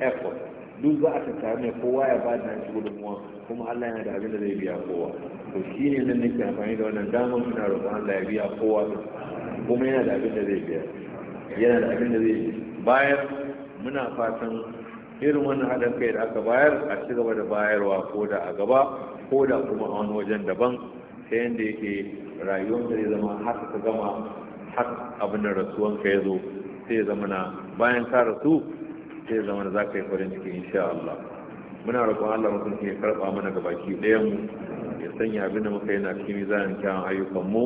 effort duk za a tattara ne kowa ya ba da shi gudunmuwa kuma Allah yana da abin da zai biya kowa to shi ne nan nake amfani da wannan damar muna roƙon Allah ya biya kowa kuma yana da abin da zai biya yana da abin da zai biya bayan muna fatan irin wannan haɗin kai da aka bayar a ci gaba da bayarwa ko da a gaba ko da kuma a wani wajen daban ta yadda yake rayuwar zai zama har ka gama har abin da rasuwan ka ya zo sai ya zama na bayan ka rasu sai ya zama na za ka yi farin ciki insha Allah muna roƙon Allah mutum ya karɓa mana gabaki ɗayan mu ya sanya abin da muka yi na cikin mizanin kyawun ayyukan mu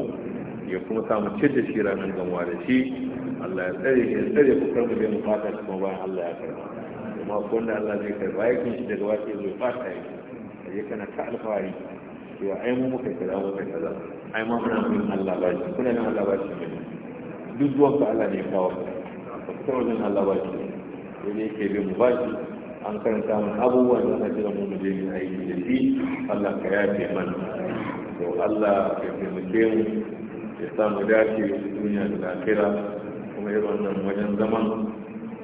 ya kuma samu cin da shi ranar gamuwa da shi Allah ya tsare ya tsare ku karɓa mu fata kuma bayan Allah ya karɓa kuma wanda Allah zai karba yakin shi daga wace zai fata a aje kana ta alfahari cewa ai mu muka kaza muka kaza ai ma muna mun Allah ba shi kuna nan Allah ba shi ne duk zuwan ka Allah ne ya kawo ka ba ku taɓa jin Allah ba shi ne wani yake bin mu ba shi an karanta mun abubuwan da ana jira mu mu je mu aiki da shi Allah ka yafe mana to Allah ya taimake mu ya sa mu dace duniya da lafiya kuma irin wannan wajen zaman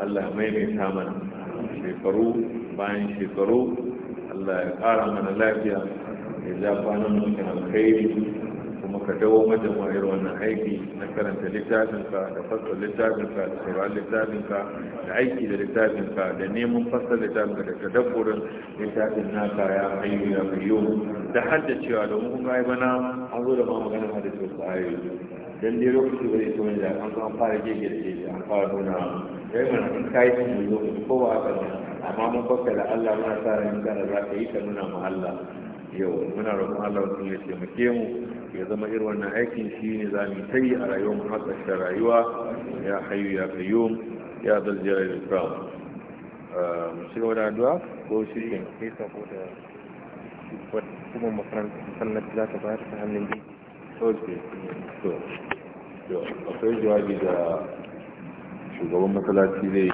Allah maimaita mana shekaru bayan shekaru Allah ya kara mana lafiya ya ja kwanan mutum alkhairi kuma ka dawo majama'ir wannan aiki na karanta littafinka da fasa littafinka da sauran littafinka da aiki da littafinka da neman fasa littafinka da tadabburin littafin na kaya hayyu ya bayyo da haddacewa domin mun ga bana an zo da ma maganar haddacewa su ayoyi dan dai lokaci ba zai so ne da an zo an fara gege da gege an fara nuna kai mana in ka yi sun zo ko ba haka ba amma mun baka da Allah muna sa ran kana za ka yi ka nuna mu Allah yau muna roƙon Allah sun ya taimake mu ya zama irin wannan aikin shi ne za mu yi a rayuwar mu har rayuwa ya hayu ya qayyum ya dal jalal ikram mu shiga wani addu'a ko shi ne kai saboda kuma makaranta masallaci za ta bayar ta hannun biyu Okay. Cool. akwai jawabi da shugaban matsalaci zai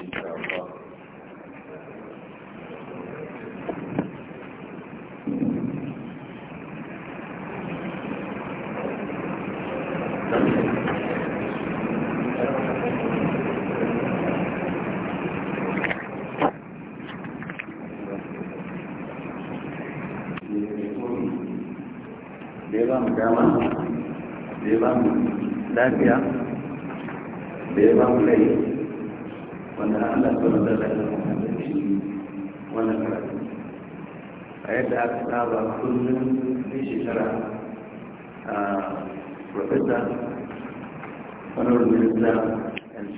lafiya da ya ba mu rai wanda Allah ta wanda da ya shi wannan karatu a yadda aka saba kullum ɗin shekara a profesa honorable minister and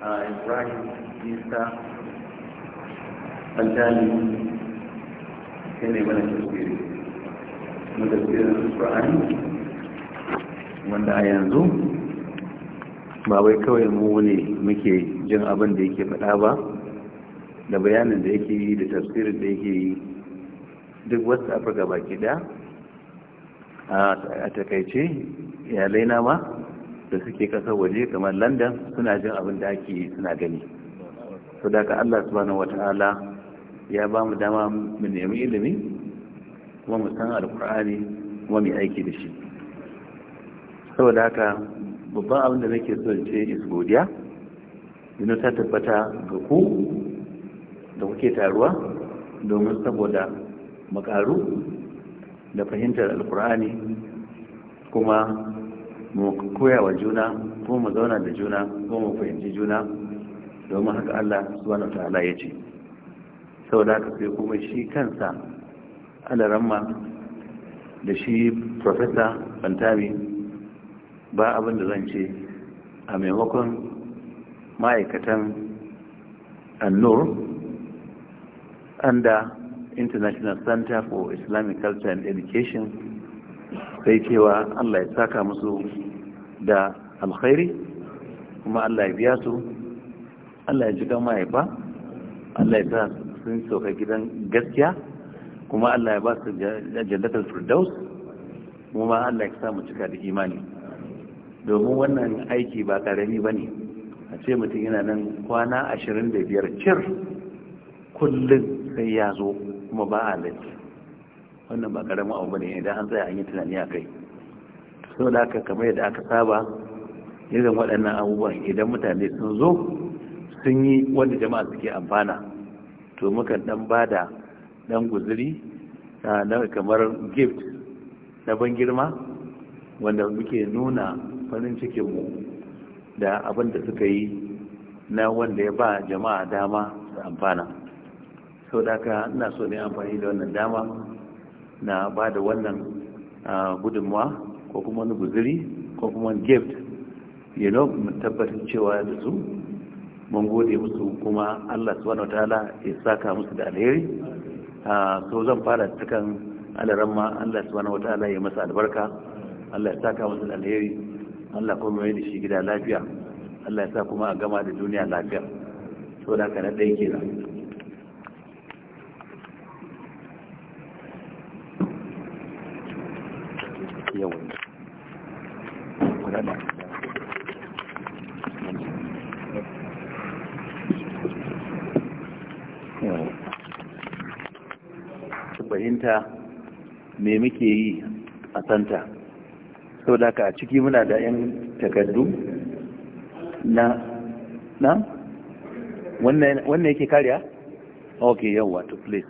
a ibrahim isa aljali ya ne mana tasiri mu tasirin ƙur'ani wanda a yanzu ba wai kawai mu ne muke jin abin da yake faɗa ba da bayanin da yake yi da tafsirin da yake yi duk wasu afirka gaba ɗaya a takaice iyalai na ma da suke kasar waje kamar london suna jin abin da ake yi suna gani su daga allah subhanahu wata'ala ya ba mu dama mu nemi ilimi kuma mu san alkur'ani kuma mu aiki da shi saboda haka babban abin da nake so ce is godiya yino ta tabbata ga ku da kuke taruwa domin saboda makaru da fahimtar alkur'ani kuma mu koya wa juna ko mu zauna da juna ko mu fahimci juna domin haka Allah subhanahu ta'ala ya ce saboda haka sai kuma shi kansa ramma da shi professor fantami ba abin da zan ce a maimakon ma'aikatan annur under international center for islamic culture and education sai cewa allah ya saka musu da alkhairi kuma allah ya biya su allah ya ji kan allah ya sa sun sauka gidan gaskiya kuma allah ya ba su jallatar firdaus kuma allah ya sa mu cika da imani domin wannan aiki ba karami ba ne a ce mutum yana nan kwana ashirin da biyar cir kullum sai ya zo kuma ba a laifi wannan ba karamin abu ne idan an tsaya an yi tunani a kai sau da aka kamar yadda aka saba irin waɗannan abubuwan idan mutane sun zo sun yi wanda jama'a suke amfana to muka dan ba da dan guzuri ah, kamar gift na ban girma wanda muke nuna farin cikinmu da abin da suka yi na wanda ya ba jama'a dama da amfana sau da aka ina so ne amfani da wannan dama na ba da wannan gudunmuwa ko kuma wani guziri ko kuma wani gift you know tabbatar cewa da su mun gode musu kuma allah subhanahu wataala ya saka musu da alheri so zan fara cikin alaramma allah subhanahu wataala ya masa albarka allah ya saka musu da alheri Allah kuma mai da shi gida lafiya Allah ya sa kuma a gama da duniya lafiya So da ka na ɗaya fahimta me muke yi a santa sau da ka a ciki muna da 'yan takardu na na wannan yake kariya? ok yawa to please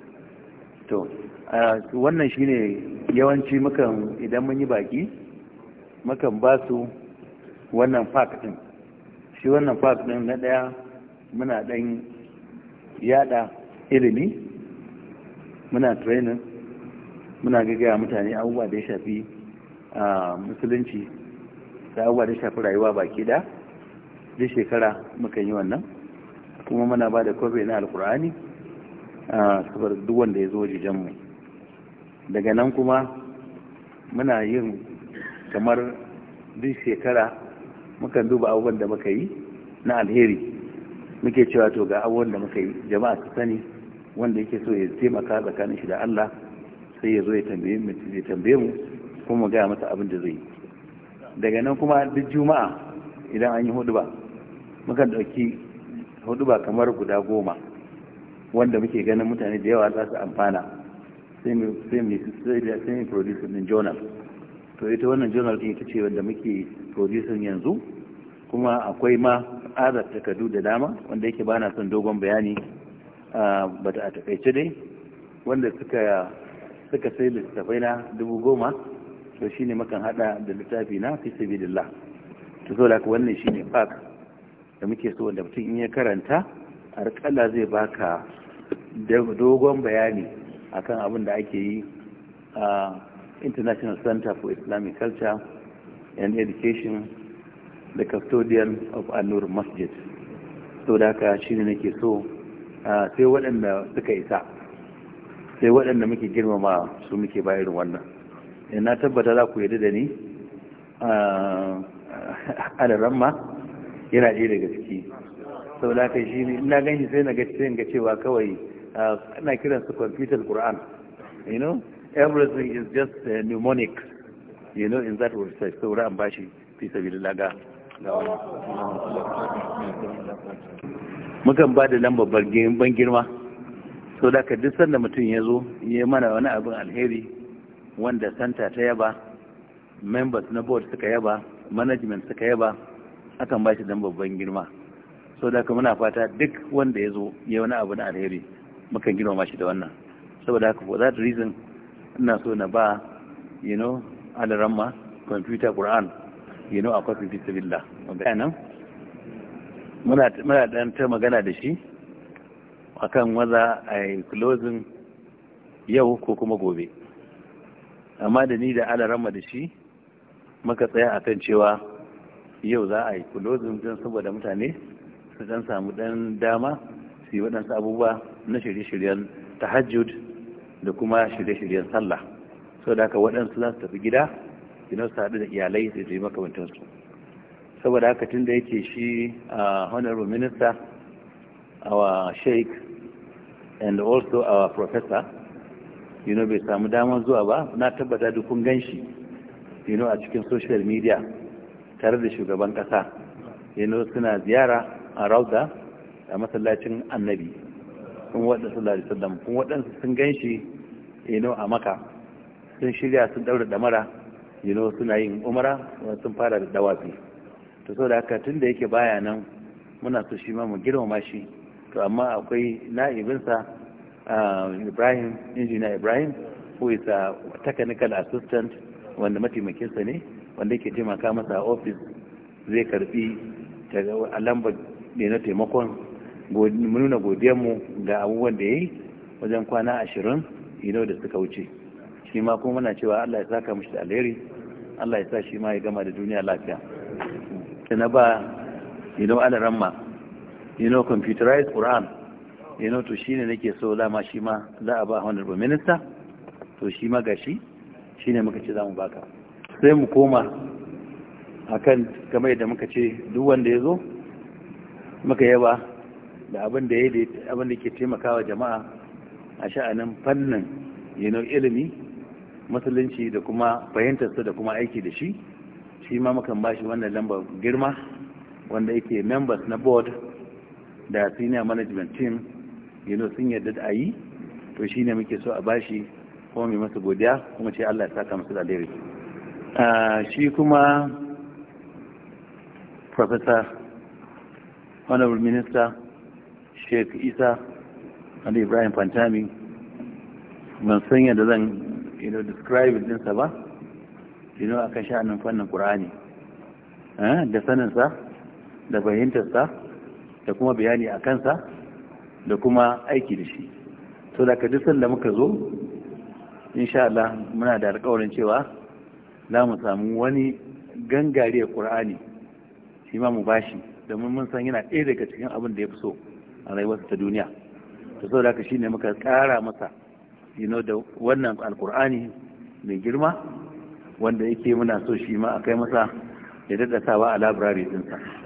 to wannan shine yawanci mukan idan mun yi baki mukan ba su wannan fak din shi wannan fak din na daya muna dan yada ilimi muna training muna gaggaya mutane abubuwa da ya shafi musulunci da abubuwa da shafi rayuwa baki da duk shekara muka yi wannan kuma muna ba da kwabe na alkur'ani saboda duk wanda ya zo jijenmu daga nan kuma muna yin kamar duk shekara muka duba abubuwan da muka yi na alheri muke cewa to ga abubuwan da muka yi jama'a su sani wanda yake so ya taimaka tsakanin shi da Allah sai ya zo ya tambaye mu kuma mu gaya masa abin da zai yi daga nan kuma duk juma'a idan an yi huduba mukan ɗauki huduba kamar guda goma wanda muke ganin mutane da yawa za su amfana sai mu sai din journal to ita wannan journal din ita ce wanda muke producer yanzu kuma akwai ma azar takardu da dama wanda yake bana son dogon bayani bata a takaice dai wanda suka suka sai littafai na dubu goma to ne makan hada da littafi na fi sabilillah to so laka wannan ne fak da muke so wanda mutum in ya karanta alkala zai baka dogon bayani akan abin da ake yi a International Center for Islamic Culture and Education the custodian of Anur Masjid to da haka ne nake so sai waɗanda suka isa sai waɗanda muke girmama su muke bayar wannan Eh, na tabbata za ku yadda da ni ah, (laughs) ramma yana ɗaya daga ciki sau da kai shi ne ina gan sai na ga cewa kawai ah, ana su computer Quran you know everything is just uh, mnemonic you know in that sai sau ra'an bashi fi sabilillah ga mukan ba da lambar bangirma girma da ka duk sanda mutum ya zo ya mana wani abin alheri wanda santa ta yaba members na board suka yaba management suka yaba akan ba shi dan babban girma so da haka muna fata duk wanda ya zo ya wani abu na alheri mukan girmama shi da wannan saboda haka for that reason ina so na ba you know alaramma computer quran you know a kwafi bismillah nan muna muna dan ta magana da shi akan waza a closing yau ko kuma gobe amma da ni da rama da shi muka tsaya a kan cewa yau za a yi kulozin don saboda mutane su dan samu dan dama su yi waɗansu abubuwa na shirye-shiryen tahajjud da kuma shirye-shiryen sallah sau da haka waɗansu za su tafi gida idan su haɗu da iyalai su yi makamantansu saboda haka tun da yake shi a honorable minister our sheikh and also our professor you bai samu damar zuwa ba na tabbata da kun gan shi a cikin social media tare da shugaban kasa you suna ziyara a rauda a masallacin annabi kun waɗansu sallam kun waɗansu sun gan shi a maka sun shirya sun ɗaura da you know suna yin umara sun fara da dawafi to da haka tun da yake baya nan muna so shi ma mu girmama shi to amma akwai na'ibinsa Um, Ibrahim injiniya Ibrahim who is a technical assistant wanda mataimakinsa ne wanda yake taimaka masa a ofis zai karbi a lambar ne na taimakon nuna godiyanmu ga abubuwan da ya yi wajen kwana ashirin ino da suka wuce shi ma kuma muna cewa Allah ya saka mushi da alheri Allah ya sa shi ma ya gama da duniya lafiya Da na ba ino alaramma ino computerized Quran you shi ne na nake so dama shi ma za a ba honorable minister to shi ma ga shi shi ne muka ce za mu baka sai mu koma akan game da muka ce duk wanda ya zo muka yaba da abin da ya yi abin da ke taimakawa jama'a a sha'anin fannin you ilimi musulunci da kuma fahimtarsa da kuma aiki da shi shi ma mukan ba shi wannan lambar girma wanda yake members na board da senior management team yano sun yarda a yi to shi ne muke so a bashi kuma mai masa godiya kuma ce Allah ya saka masu da alheri ah, shi kuma professor honorable minister sheikh isa ali ibrahim fantami ban san yadda zan you know describe dinsa ba you know akan sha'anin fannin qur'ani ah, da saninsa da fahimtarsa da kuma bayani a kansa da kuma aiki da shi to da ka duk sanda muka zo insha Allah muna da alƙawarin cewa za mu samu wani gangariyar ƙur'ani shi ma mu bashi domin mun san yana ɗaya daga cikin abin da ya fi so a rayuwarsa ta duniya to saboda haka shine muka ƙara masa da wannan alƙur'ani mai girma wanda yake muna so shi ma a kai masa ya daɗa sawa a labirari ɗinsa